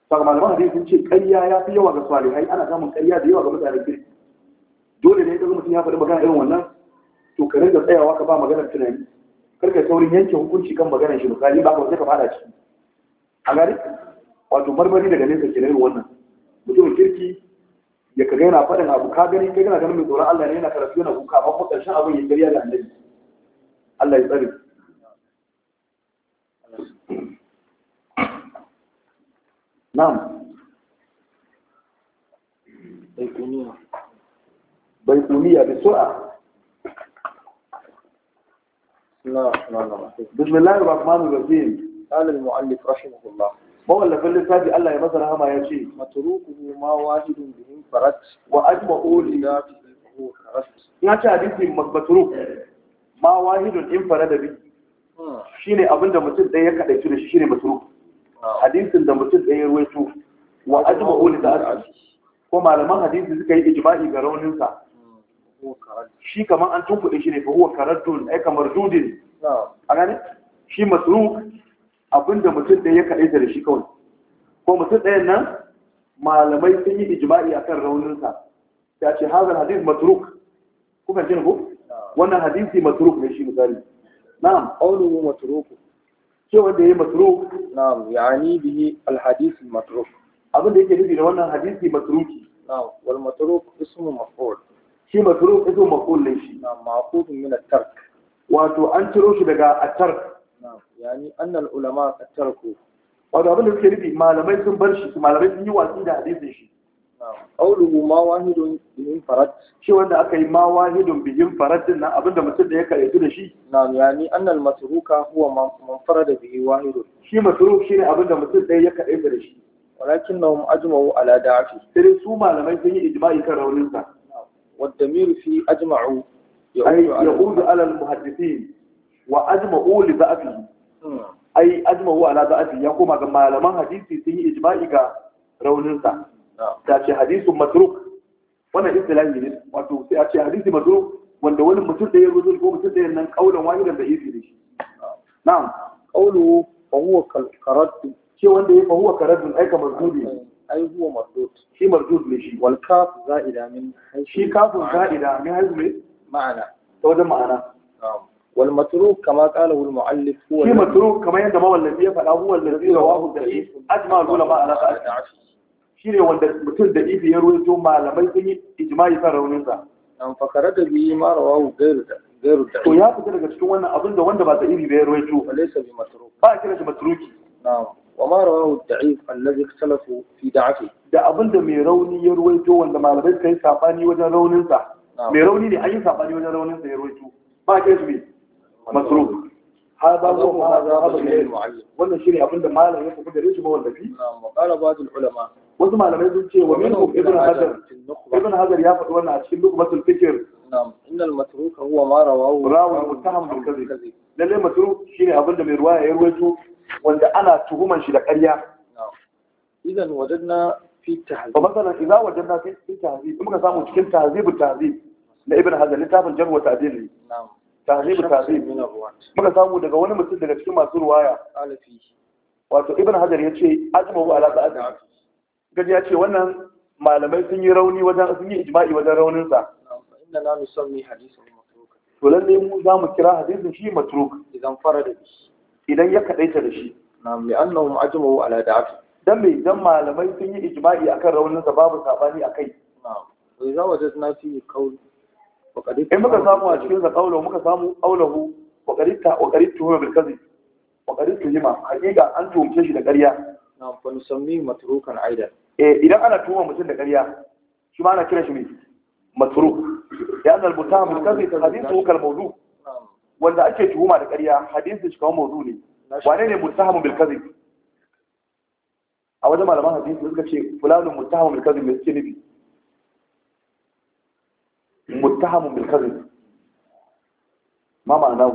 saka malaman hadisi sun ce ƙarya ya fi yawa ga salihai ana samun ƙarya da yawa ga mutanen kirki dole ne idan mutum ya faɗi magana irin wannan to ka rinka tsayawa ka ba maganar tunani karka saurin yanke hukunci kan maganar shi misali ba ka wanda ka fada ciki a gari wato marmari daga nesa ke irin wannan mutum kirki ya kaga yana faɗin abu ka gani kai kana ganin mai tsoron Allah ne yana karatu yana kuka amma kuma ƙarshen abin ya gariya da annabi Allah ya tsare na'am baikuniya baikuniya bi sur'a بسم الله الرحمن الرحيم قال المؤلف رحمه الله mawallafin littafi Allah ya masa rahama ya ce matrukuhu ma wahidun bihin farat wa ajma'u li ya ce hadisi matruk ma wahidun in farada bi hmm. shine abinda mutum daya ya kadaici da shi shine matruk ah. hadisin da mutum daya ya ruwaito wa ajma'u li su. ko malaman hadisi suka yi ijma'i ga raunin sa hmm. shi kamar an tunkuɗe shi ne fa huwa karaddun ai kamar dudin a gane shi matruk abinda mutum da ya kaɗaita da shi kawai ko mutum ɗayan nan malamai sun yi ijma'i akan rauninsa ta ce hazar hadis matruk kuka jin ku wannan hadisi matruk ne shi misali na'am qawluhu matruk ce wanda yayi matruk na'am yani bihi al matruk abin da yake nufi da wannan hadisi matruki na'am wal matruk ismu maf'ul shi matruk ismu maf'ul ne shi na'am ma'qud min at-tark wato an ciro shi daga at-tark yani annal ulama tarku wato abin da suke nufi malamai sun bar shi malamai sun yi watsi da hadisin shi qauluhu ma wahidun bihin farat. shi wanda aka yi ma wahidun bihin farat din nan abinda mutum da ya karatu da shi na'am yani annal masruka huwa man farada bihi wahidun shi masruk shine abinda mutum ɗaya ya karatu da shi Walakin walakinnahum ajma'u ala da'afi sai su malamai sun yi ijma'i kan raunin sa والضمير في أجمع يعود على المحدثين wa ajma'u li da'afihi ai ajma'u ala da'afi ya koma ga malaman hadisi sun yi ijma'i ga rauninsa. ta ce hadisun matruk wannan istilahi ne wato sai a ce hadisi matruk wanda wani mutum da ya rubuta ko mutum da nan kaulan wahidan da yake da shi na'am qawlu fa huwa karad ce wanda ya fa huwa karad ai kamar zubi ai huwa mardud shi mardud ne shi wal kaf za'ida min shi kafun za'ida min hazmi ma'ana ta wajen ma'ana wal matruk kama qala al muallif huwa shi matruk kamar yadda mawallafi ya faɗa huwa allazi rawahu da'if ajma al ulama ala qa'idati shine wanda mutum da ibi ya malamai sun yi ijma'i kan raunin sa an fakara da bi ma rawahu gairu da gairu ya fita daga cikin wannan abin wanda ba da bai ruwaito alaysa bi matruk ba kira shi matruki wa ma rawahu da'if allazi ikhtalafu fi da abin da mai rauni wanda malamai wajen raunin sa mai rauni ne an yi wajen raunin sa masruf هذا هو هذا ba ne? wannan shine abin da malamin ya tafi da shi ba wanda qala ba'd ulama wasu malamai sun ce wa minhum ibn hajar ibn hajar ya faɗi wannan a cikin luqmatul fikr na'am innal matruk huwa ma rawahu rawi muttaham bil kadhib lalle matruk shine abin da mai ruwaya ya ruwaito wanda ana tuhuman shi da ƙarya idan wajadna fi tahzib ba masalan idza wajadna fi tahzib muka samu cikin tahzib tahzib na ibn hajar littafin jarh wa ta'dil na'am tahzibu tahzib muka samu daga wani mutum daga cikin masu ruwaya wato ibn hajar ya ce ajmahu ala ba'd gaji ya ce wannan malamai sun yi rauni wajen sun yi ijma'i wajen raunin sa inna la nusammi hadithan matruk to lalle mu za mu kira hadisin shi matruk idan farada shi idan ya kadaita da shi na'am li annahum ajmahu ala da'fi dan me dan malamai sun yi ijma'i akan raunin sa babu sabani akai na'am wa idza wajadna fi qawl in muka samu a cikin sa qawluhu muka samu aulahu wa qarita wa qarituhu bil kadhib wa qarituhuma hakika an tuhumce shi da ƙarya na fa nusammi matrukan aida eh idan ana tuhuma mutum da ƙarya shi ma ana kira shi matruk ya annal mutaham bil ta hadithu kal mawdu wanda ake tuhuma da ƙarya hadithu shi kawai mawdu ne wane ne mutaham bil a wajen malaman hadisi suka ce fulanun mutaham bil mai ne suke nufi muttahamun bil kadhib ma ma'ana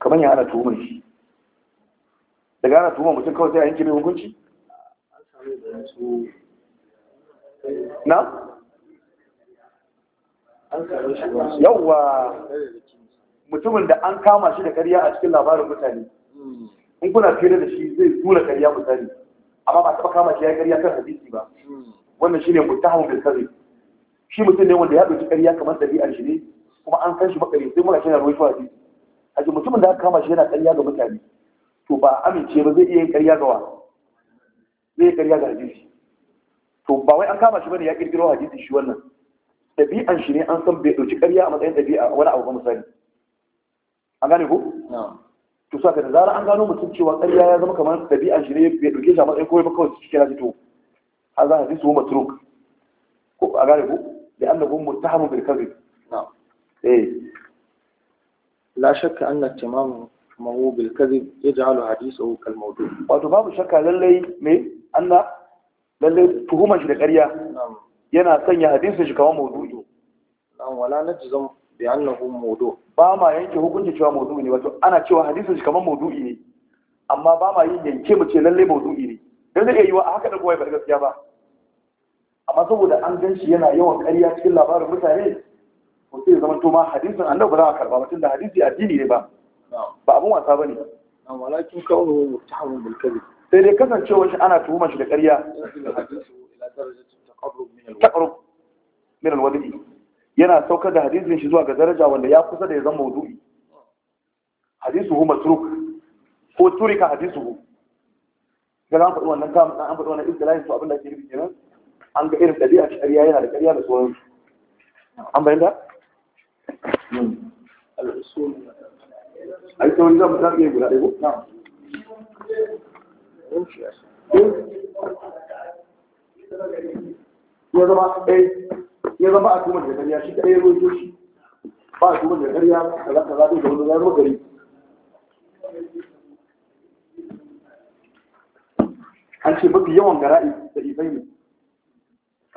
kamar ya ana tuhumar shi daga ana tuhumar mutum kawai sai a yanke mai hukunci na yawwa mutumin da an kama shi da karya a cikin labarin mutane in kuna fira da shi zai tura karya mutane, amma ba taɓa kama shi ya karya kan hadisi ba wannan shine mutahamu bil kadhib shi mutum ne wanda ya dauki ƙarya kamar dabi'ar shi ne kuma an san shi makari sai muna shi na shi hadisi haji mutumin da aka kama shi yana ƙarya ga mutane to ba amince ba zai iya yin ƙarya ga wa zai yi ƙarya ga hadisi to ba wai an kama shi bane ya kirkiro hadisi shi wannan ɗabi'an shi ne an san bai ɗauki ƙarya a matsayin ɗabi'a wani abu ba misali an gane ko to saka da zara an gano mutum cewa ƙarya ya zama kamar ɗabi'an shi ne bai ɗauke shi a matsayin kowai ba kawai cikin to هذا حديثه متروك أقاربه لأنه متهم بالكذب نعم إيه لا شك أن اتمامه بالكذب يجعل حديثه كالموضوع وتباب شك للي مي أن للي تهمه لقرية نعم ينا سنيا حديثه شكوا موضوعي نعم ولا نجزم بأنه موضوع ba ma yanke hukunci cewa maudu'i ne wato ana cewa hadisin shi kamar maudu'i ne amma ba ma yin yanke mu ce lalle maudu'i ne dan zai iya yi wa haka da kuma ba gaskiya ba amma saboda an gan shi yana yawan ƙarya cikin labarin mutane ko sai zama to ma hadisin an ba za a karba mutum da hadisi addini ne ba ba abun wasa ba walakin kawo mutahamu bil kadhib sai dai kasancewa shi ana tuhuma shi da ƙarya taqarrub min al wadi yana saukar da hadisin shi zuwa ga daraja wanda ya kusa da ya zama mawdu'i hadisuhu matruk ko turika hadisuhu ga an faɗi wannan kam an faɗi wannan istilahin to abin da ke nufi kenan an ga irin ɗabi'a ƙarya yana da ƙarya da tsoron an bayan da? a yi tsawon zama zafi guda ɗaya ko? ya zama ya zama a tumar da ƙarya shi kaɗai ya rojo shi ba a tumar da ƙarya kaza kaza ɗaya da wani ya zama gari an ce mafi yawan gara'i da ifai ne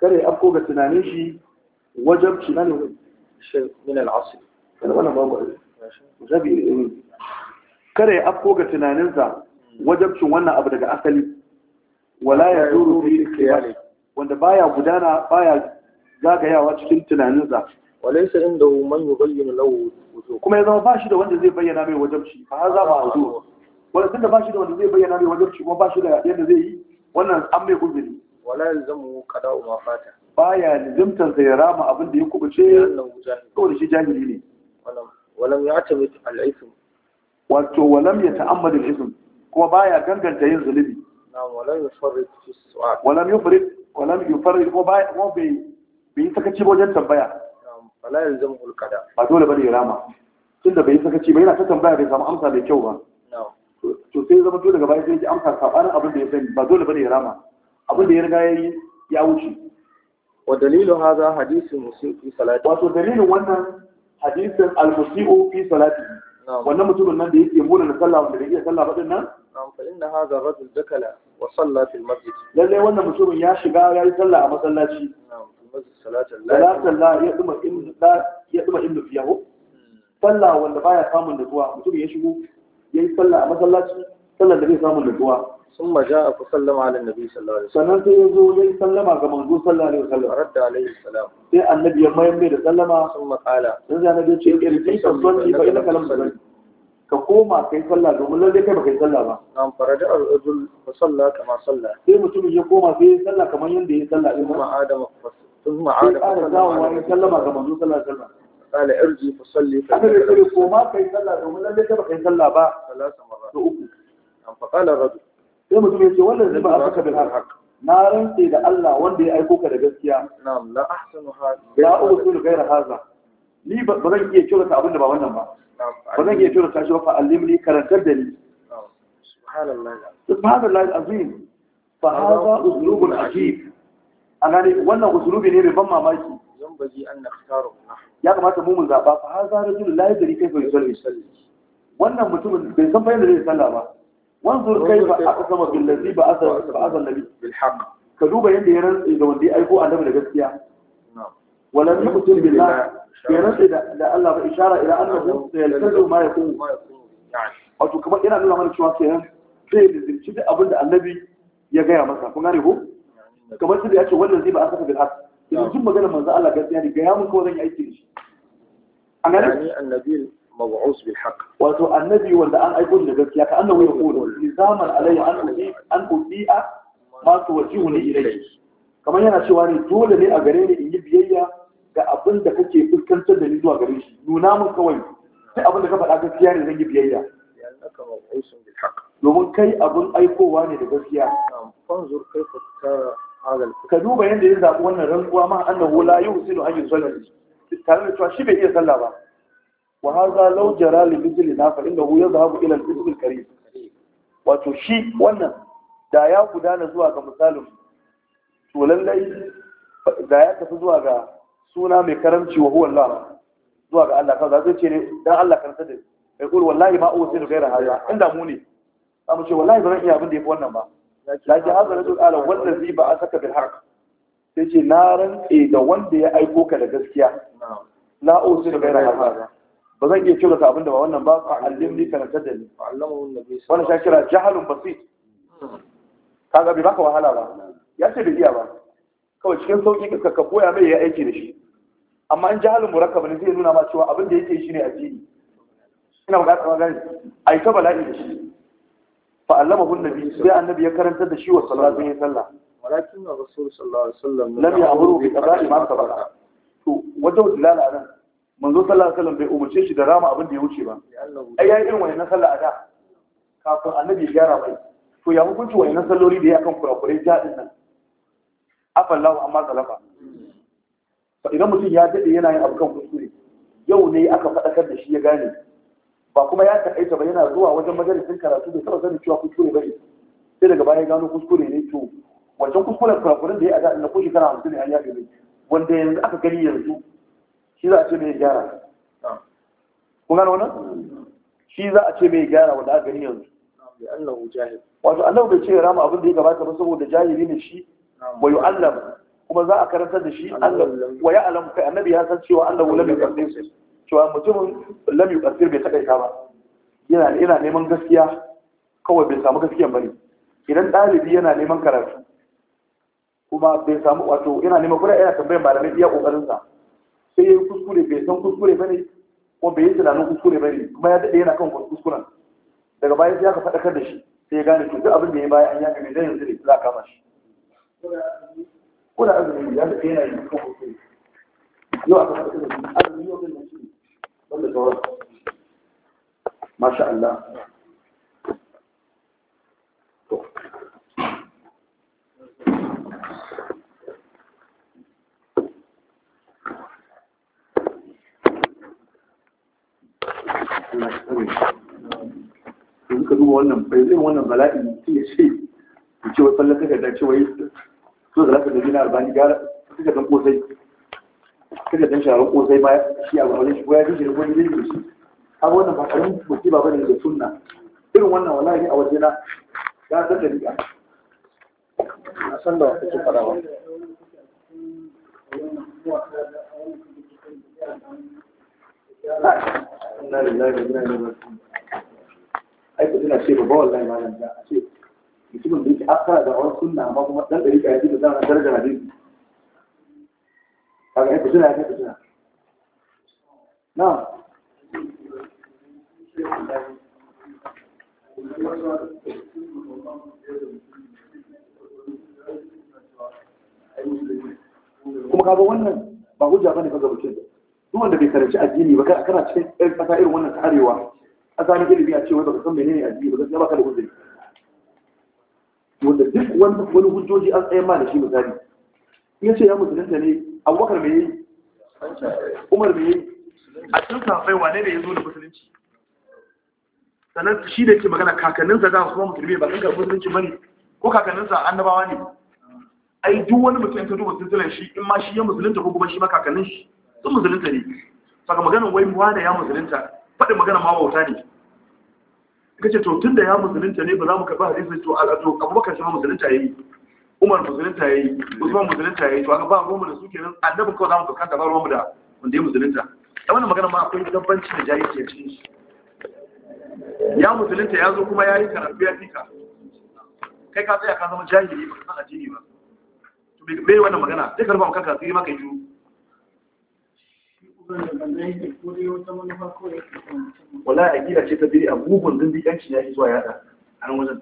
kare afko ga tunanin shi wajen shi na ne shi min al'asir kada wannan babu zabi kare afko ga tunaninsa wajabcin wannan abu daga asali wala ya zuru fi khiyali wanda baya gudana baya zagayawa cikin tunaninsa walaysa indahu man yubayyin lahu kuma ya zama bashi da wanda zai bayyana mai wajen shi fa haza ba zu wanda tunda bashi da wanda zai bayyana mai wajen shi kuma bashi da yadda zai yi wannan an mai uzuri wala yalzamu qada'u ma fata baya lazimtar sa ya rama abin da ya kubuce saboda shi jahili ne Wala ya'tamid al-ithm wato walam yata'ammad al-ithm kuma baya ganganta yin zulubi na'am walam yufarrid fi su'al walam yufarrid walam yufarrid kuma baya ko bai bai sakaci ba wajen tambaya na'am wala yalzamu al-qada ba dole bane ya rama tunda bai sakaci ba yana ta tambaya bai samu amsa mai kyau ba to sai zama dole gaba sai ya amsa sabanin abin da ya sani ba dole bane ya rama abin da ya riga ya yi ya wuce wa dalilu haza hadithu musii fi salati wato dalilin wannan hadisin al-musii fi salati wannan mutumin nan da yake mona na sallah wanda yake sallah ba dinnan na'am fa inna hadha rajul dakala wa salla fi al-masjid lalle wannan mutumin ya shiga ya yi sallah a masallaci na'am masjid salatan la ya duma in la ya duma hmm. in sallah wanda baya samun nutsuwa mutum ya shigo ya yi sallah a masallaci sallar da bai samun nutsuwa ثم جاء فسلم على النبي صلى الله عليه وسلم sannan sai yazo ya sallama ga manzo sallallahu alaihi wasallam radda alaihi salam sai annabi ya da sallama sun makala sai annabi ya ce irji sabbanni fa inna kalam sabbanni ka koma kai sallah domin lalle kai baka yi sallah ba an faraja al-rajul fa salla kama salla sai mutum ya koma sai ya sallah kamar yanda ya sallah din ma adama thumma adama sallama ya sallama ga manzo sallallahu alaihi wasallam qala irji fa salli fa annabi ya ce koma kai sallah domin yi sallah ba uku sai mutum ya ce wannan da ba a saka bil haqq na rantse da Allah wanda ya aiko ka da gaskiya na'am la ahsanu hadha la usul ghayra hadha ni ba zan iya kyautata abin da ba wannan ba ba zan iya kyautata shi ba fa allimni karantar da ni subhanallah subhanallah azim fa hadha uslubun ajib ana ne wannan uslubi ne mai ban mamaki yanbaji an nakhtaru ya kamata mu mun zaba fa hadha rajul la yadri kayfa yusalli wannan mutumin bai san fa yadda zai sallah ba wanzur kaifa aqsama billazi ba asal ba asal nabi bil haqq ka duba yadda ya rantsi da wanda ya aiko annabi da gaskiya Wala ni mutum billah ya rantsi da Allah ba ishara ila annahu sayaltazu ma yakun wato kuma ina nuna mana cewa kenan sai da zinci da abin da annabi ya gaya masa kun gane ko kamar sai ya ce wannan zai ba asal bil haqq idan jin magana manzo Allah gaskiya ne ga ya mun kawai zan yi aiki da shi an gane annabi maw'us wato annabi wanda an aiko da gaskiya ka annabi ya kula nizaman alayya an a, an ubi'a ma tuwajihuni ilayhi kamar yana cewa ne dole ne a gare ni in yi biyayya ga abin da kake fuskantar da ni zuwa gare shi nuna mun kawai sai abin da ka faɗa gaskiya ne zan yi biyayya domin kai abin aikowa ne da gaskiya ka duba yadda ya zaɓi wannan rantsuwa ma annahu la yuhsinu an yusalli tare da cewa shi bai iya sallah ba wa haza law jara li bijli na fa innahu yadhhabu ila al-ism shi wannan da ya gudana zuwa ga misalin to lallai da ya tafi zuwa ga suna mai karamci wa huwa zuwa ga Allah kaza zai ce ne dan Allah karanta da ya kula wallahi ma uwa sai da gaira haya ne za mu ba zan iya abin da yafi wannan ba ba a saka ce na rantse da wanda ya aiko ka da gaskiya Na uwa ba zan iya kyautata abin da ba wannan ba fa allimni karantar da ni wannan ta kira jahalun basit kaga bai baka wahala ba ya ce bai iya ba kawai cikin sauƙi ka ka koya mai ya aiki da shi amma in jahalin murakkab ne zai nuna ma cewa abin da yake shi ne addini ina ba ka gani ai ta bala'i da shi fa allamahu annabi sai annabi ya karanta da shi wa sallallahu alaihi wasallam walakin rasul sallallahu alaihi wasallam lam ya'muru bi qada'i ma sabaqa to wajen dilala nan manzo sallallahu alaihi wasallam bai umarce shi da rama abin da ya wuce ba ai ya irin wayannan sallah a da kafin annabi ya gyara bai. to ya hukunci wayannan salloli da ya kan kurakurai jadin nan afallahu amma salafa fa idan mutum ya dade yana yin abukan kuskure yau ne aka fadakar da shi ya gane ba kuma ya takaita ba yana zuwa wajen majalisin karatu bai taɓa sanin cewa kuskure ba ne sai daga baya ya gano kuskure ne to wancan kuskuren kurakurai da ya ada na ko shekara hamsin ne an ya mai wanda yanzu aka gani yanzu shi za a ce mai gyara kun gano wannan shi za a ce mai gyara wanda aka gani yanzu wato annabi bai ce rama abin da ya gabata ba saboda jahili ne shi wa yu'allam kuma za a karantar da shi Allah wa ya'lam kai annabi ya san cewa Allah lam yuqaddis cewa mutumin lam yuqaddis bai takaita ba yana yana neman gaskiya kawai bai samu gaskiyan bane idan dalibi yana neman karatu kuma bai samu wato yana neman kuma yana tambayan malamai iya kokarin sa sai ya yi kuskure bai san kuskure ba ne ko bai yi tunanin kuskure ba ne kuma ya daɗe yana kan kuskuren daga baya sai aka faɗakar da shi sai ya gane to abin da ya bayan an gane zai yanzu ne za a kama shi ko da azumi ya daɗe yana yi kan kuskure yau aka faɗakar da shi azumi yau zai yanzu wanda sauran masha Allah Allah ya ka duba wannan bai zai wannan bala'i sai ya ce ya ce wai fallon takarda ce wai so da lafiyar da gina albani gara suka dan kosai suka dan sharar kosai ma shi a wani shi ko ya jijiyar wani zai yi shi har wannan ba karamin musiba ba ne da sunna irin wannan wallahi a wajena ya san riga a san da wasu fara ba inna lillahi ce wallahi a ce mutumin da yake akara da wani suna amma kuma dan ɗari ka yaji da zan darajar hadisi kaga ai ko ina ai ko ina na'am kuma kaga wannan ba hujja bane ga mutum duk wanda bai karanci addini ba kana cikin ɗan ƙasa irin wannan ta arewa ƙasa na ilimi a ce wanda ka san menene addini ba gaskiya ba da uzuri wanda duk wani wani hujjoji an tsaye ma da shi misali in ce ya musulunta ne abubakar me yi umar me yi a cikin safai wane ne ya zo da musulunci sannan shi da ke magana kakanninsa za su kuma musulmi ba kan karɓi musulunci ba ne ko kakanninsa annabawa ne ai duk wani mutum ka duba silsilar shi in ma shi ya musulunta ko kuma shi ma kakannin shi sun musulunta ne saka maganin wai da ya musulunta faɗi maganin ma wauta ne ce to tunda ya musulunta ne ba za mu karɓi hadisi to a al'adu abubakar shi ma musulunta yi. umar musulunta ya yi, usman musulunta ya yi, to aka ba mu da su kenan annabin kawai za mu fuskanta ba mu da wanda ya musulunta da wannan magana ma akwai dabbanci da jayi ke cikin shi ya musulunta ya zo kuma ya yi karatu ya fika kai ka tsaya ka zama jahili ba ka san addini ba to bai wannan magana sai ka rufa kanka sai ma ka yi wala a gida ce ta biri abubuwan zindiƙanci ya fi zuwa yada a nan wajen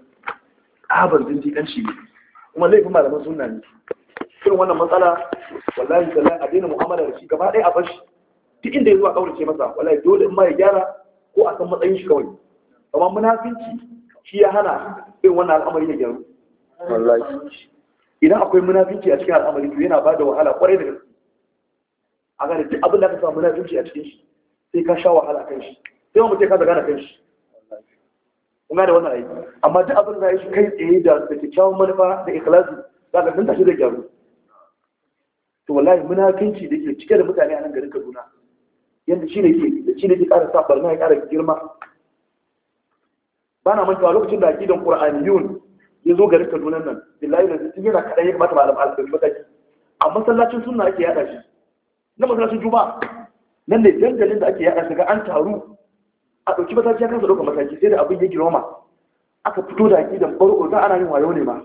abar zindiƙanci ne kuma laifin malaman suna ne Kuma wannan matsala wallahi da a daina mu'amala da shi gaba ɗaya a bashi duk inda ya zuwa ƙaurace masa wallahi dole in ma ya gyara ko a san matsayin shi kawai amma munafinci shi ya hana irin wannan al'amari ya gyaru idan akwai munafinci a cikin al'amari to yana ba da wahala kwarai da gaske a gane duk abin da ka samu munafunci a cikin shi sai ka sha wahala kan shi sai wani mutum ka zaga na kan shi Kuma da wannan aiki amma duk abin da shi kai tsaye da da kyakkyawan manufa da ikhlasi za ka tunta shi da gyaru to wallahi munafunci da ke cike da mutane a nan garin Kaduna yanda shi ne ke shi ne ke ƙara sa barna ya ƙara girma bana mantawa lokacin da aqidan Qur'aniyun ya zo garin Kaduna nan billahi da zai yana kaɗan ya kamata malam al mataki a masallacin sunna ake yada shi na masallacin juma'a nan ne dandalin da ake yada shiga an taru a ɗauki mataki ya kasa ɗauka mataki sai da abin ya girma aka fito da da ɓarko za ana yin wayo ne ma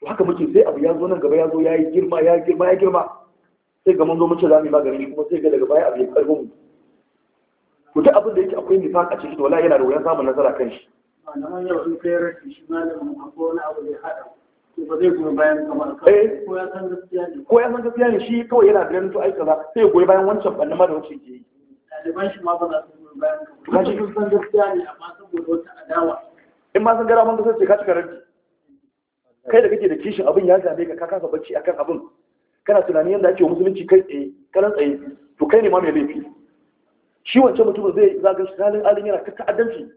to haka muke sai abu ya zo nan gaba ya zo ya yi girma ya girma ya girma sai ga mun zo mun ce za maganin kuma sai ga daga baya abu ya karbo mu to duk abin da yake akwai nifaq a cikin to wallahi yana da wuyan samun nasara kan shi malaman yau in kai rashin shi malamin akwai wani abu da ya haɗa ba zai goyi san gaskiya ne shi kawai yana ganin to aika za sai ya goyi bayan wancan banna ma da wancan ke yi ɗaliban shi ma ba za su goyi bayan kamar shi sun san gaskiya ne amma saboda wata adawa in ma san gara man kasance ka cika ranci kai da kake da kishin abin ya zame ka ka kasa bacci akan abin kana tunanin yadda ake wa musulunci kai tsaye karan tsaye to kai ne ma mai laifi shi wancan mutumin zai zaga shi halin alin yana ta ta'addanci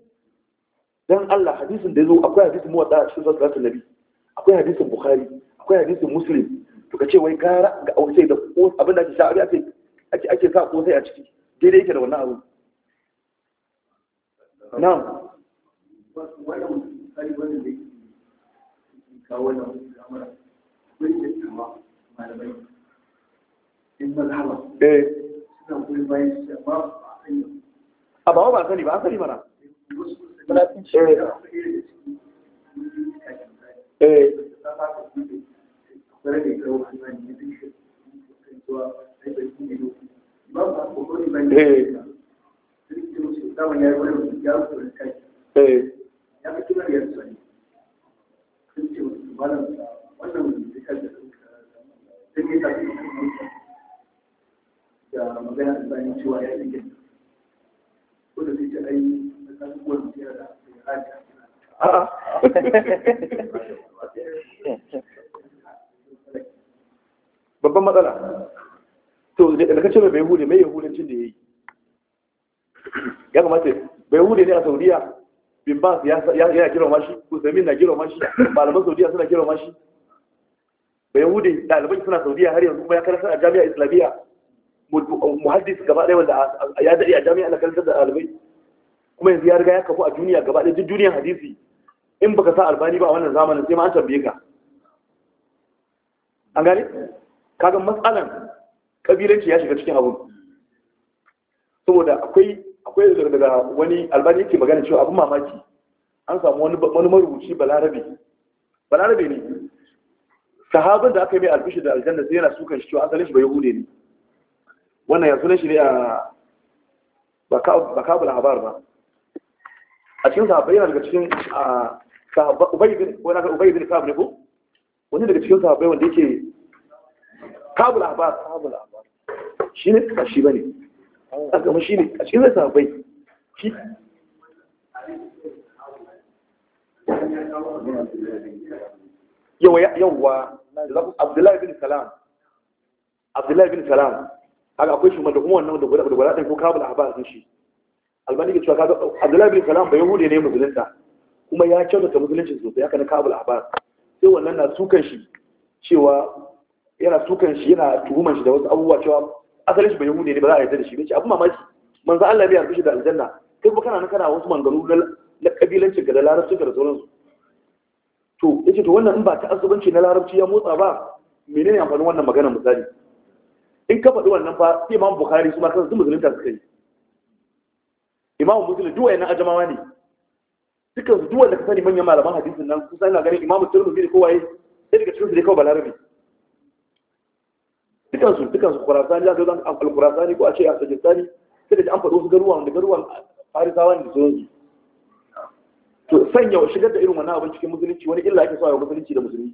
dan Allah hadisin da ya zo akwai hadisin muwadda a cikin sallallahu alaihi wasallam akwai hadisin bukhari akwai hadisin muslim to ka ce wai gara ga sai da abin da ake sha ake ake ake sa kosai a ciki daidai yake da wannan abu na'am eh. a ba ba sani ba sani mana eh. eh magana cewa ya ko da zai ci ayi na kasuwar da ya babban matsala to da kace mai hude mai yahudancin da yi ya kamata bai hude ne a saudiya bin ba yana kira mashi usamin na kira mashi malaman saudiya suna kira mashi bai hude ɗaliban suna saudiya har yanzu kuma ya karanta a jami'a islamiyya muhaddis gaba ɗaya wanda ya daɗe a jami'a na karanta da ɗalibai kuma yanzu ya riga ya kafu a duniya gaba ɗaya duk duniyar hadisi in baka sa albani ba a wannan zamanin sai ma an tambaye ka an gane kaga matsalan kabilanci ya shiga cikin abun saboda akwai akwai daga wani albani yake magana cewa abun mamaki an samu wani wani marubuci balarabe balarabe ne sahabin da aka yi mai albishi da aljanna sai yana sukan shi cewa asalin shi ba yahude ne wannan ya sunan shi ne a ba kabul habar ba a cikin sahabbai yana daga cikin Ubaidin, ubay bin wani ka ubay bin ne ko wani daga cikin sahabbai wanda yake kabul ahbar kabul ahbar shi ne kashi bane ah. kaga shi ne a cikin sahabbai shi yawa yawa abdullahi bin salam abdullahi bin salam haka akwai shugaban da kuma wannan da gwada da gwada ko kabul ahbar sun shi albani ke cewa kaga abdullahi bin salam ba yahudi ne musulunta kuma ya kyautata musulunci sosai haka na kabul abbas sai wannan na sukan shi cewa yana sukan shi yana tuhuman shi da wasu abubuwa cewa asalin shi bai yahudi ne ba za a yarda da shi ne ce abu mamaki manzo Allah bai yarda shi da aljanna kai kuma kana na kana wasu manganu na kabilancin ga da larabcin da sauransu to yace to wannan in ba ta asubanci na larabci ya motsa ba menene amfanin wannan magana misali in ka faɗi wannan fa sai imam bukhari su ma kansu musulunta suka yi imam muslim duk wayannan ajamawa ne dukkan su da ka sani manyan malaman hadisin nan kusa ina ganin imamu turmuzi da kowaye sai daga cikin su dai kawai balarabe dukkan su dukkan su kurasani za ka zan an ko a ce a sajistani sai da an faɗo su garuwa da garuwan farisawa ne zo ne to sanya shigar da irin wannan abin cikin musulunci wani illa ake sawa musulunci da musulmi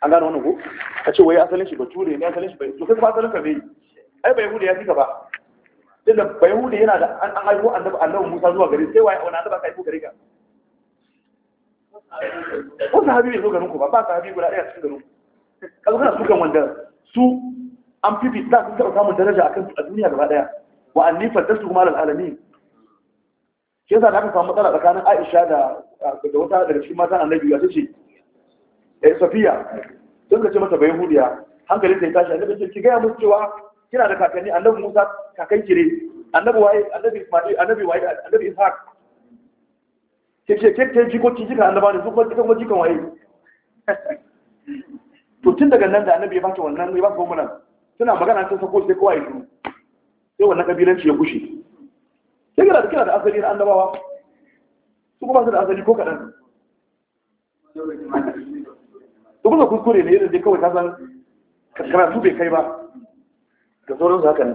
an gano wannan ko a ce wai asalin shi bature ne asalin shi bai to kai kuma asalin ka bai ai bai hude ya ka ba tunda bayahudi yana da an aiko annabi annabi Musa zuwa gari sai waye wani annabi ka aiko gari ka ko sahabi habibi zo garin ku ba ba habibi guda ɗaya cikin garin ku kaza kana suka wanda su an fifi ta sun taɓa samun daraja akan a duniya gaba ɗaya wa anni faddasu kuma alal alamin shi yasa da aka samu matsala tsakanin Aisha da da wata daga cikin matan annabi ya ce eh Safiya sun ka ce mata bayhudiya hankalin ta ya tashi annabi ce ki ga musu cewa kina da kakanni annabi Musa kakan kire annabi waye annabi isma'il annabi waye annabi ishaq ke ce ke ke jiko ci jika annaba ne su kuma jika kuma waye to tun daga nan da annabi ya baki wannan ya baki wannan suna magana sun sako sai kawai su sai wannan kabilanci ya kushe sai kira da kira da asali na annabawa su kuma su da asali ko kaɗan to kuma kuskure ne yadda dai kawai kasan karatu bai kai ba Ka sauransu haka ne.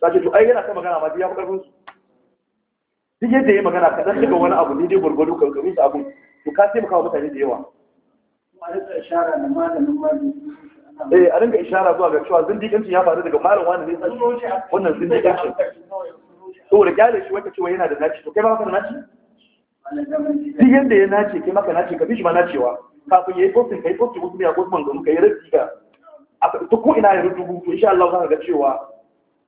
sace to ai yana ta magana ma ya fi karfin su duk yadda ya magana kaɗan daga wani abu ne dai gwargwado kan garu su abu to ka taimaka wa mutane da yawa eh a rinka ishara zuwa ga cewa zindiƙancin ya faru daga malam wani ne sai wannan zindiƙancin saboda kyale shi wata cewa yana da naci to kai ma kana naci duk yadda ya nace kai maka nace ka bi shi ma nacewa kafin ya yi posting kai posting wasu ne a wasu manzanni ka yi rafi ga ta ko ina ya rubutu to insha Allah za ka ga cewa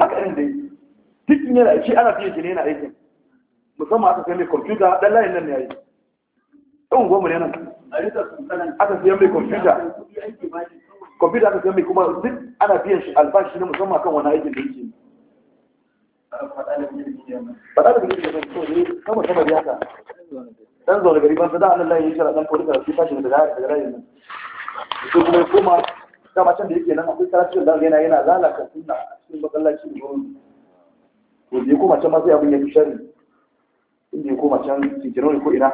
haka ɗin dai duk yana shi ana fiye shi ne yana aikin musamman aka sai mai kwamfuta ɗan layin nan ne yi. ɗan goma ne nan aka siya mai kwamfuta kwamfuta aka siya mai kuma duk ana biyan shi albashi ne musamman kan wani aikin da yake faɗa da bikin da yake so ne kama sama da yaka ɗan zaune gari ban da Allah layin ya shara ɗan kodi da su tashi daga layin nan su kuma ya dama can da yake nan akwai karatu da yana yana lalata suna cikin masallaci da wani to da ya koma can ma sai abin ya fi sharri inda ya koma can cikin ko ina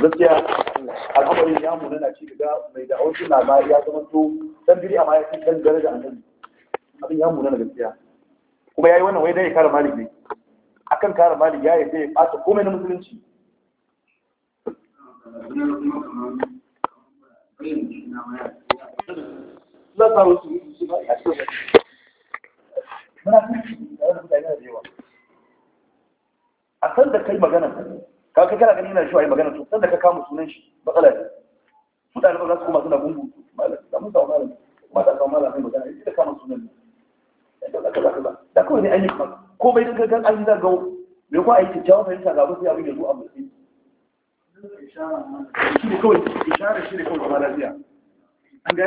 gaskiya al'amarin ya mu nana ci ga mai da aure suna ba ya zama to dan biri amma ya fi dan da annabi abin ya mu nana gaskiya kuma yayi wannan wai dai kare malik ne akan kare malik ya yi sai ya komai na musulunci Let's munafiki da wani mutane da yawa a san da kai magana ka kai kana ganin yana shi a yi magana to san da ka kama sunan shi matsala ne su da za su koma suna gungu malam da mun samu malam kuma da kawo malam mai magana ya da kama sunan ne da kaza kaza da kawai ne an yi komai don gaggan an yi zagawo me ko a yi kyakkyawan fahimta ga abin sai abin ya zo a mutum shi ne kawai ishara shi ne kawai kuma lafiya an gani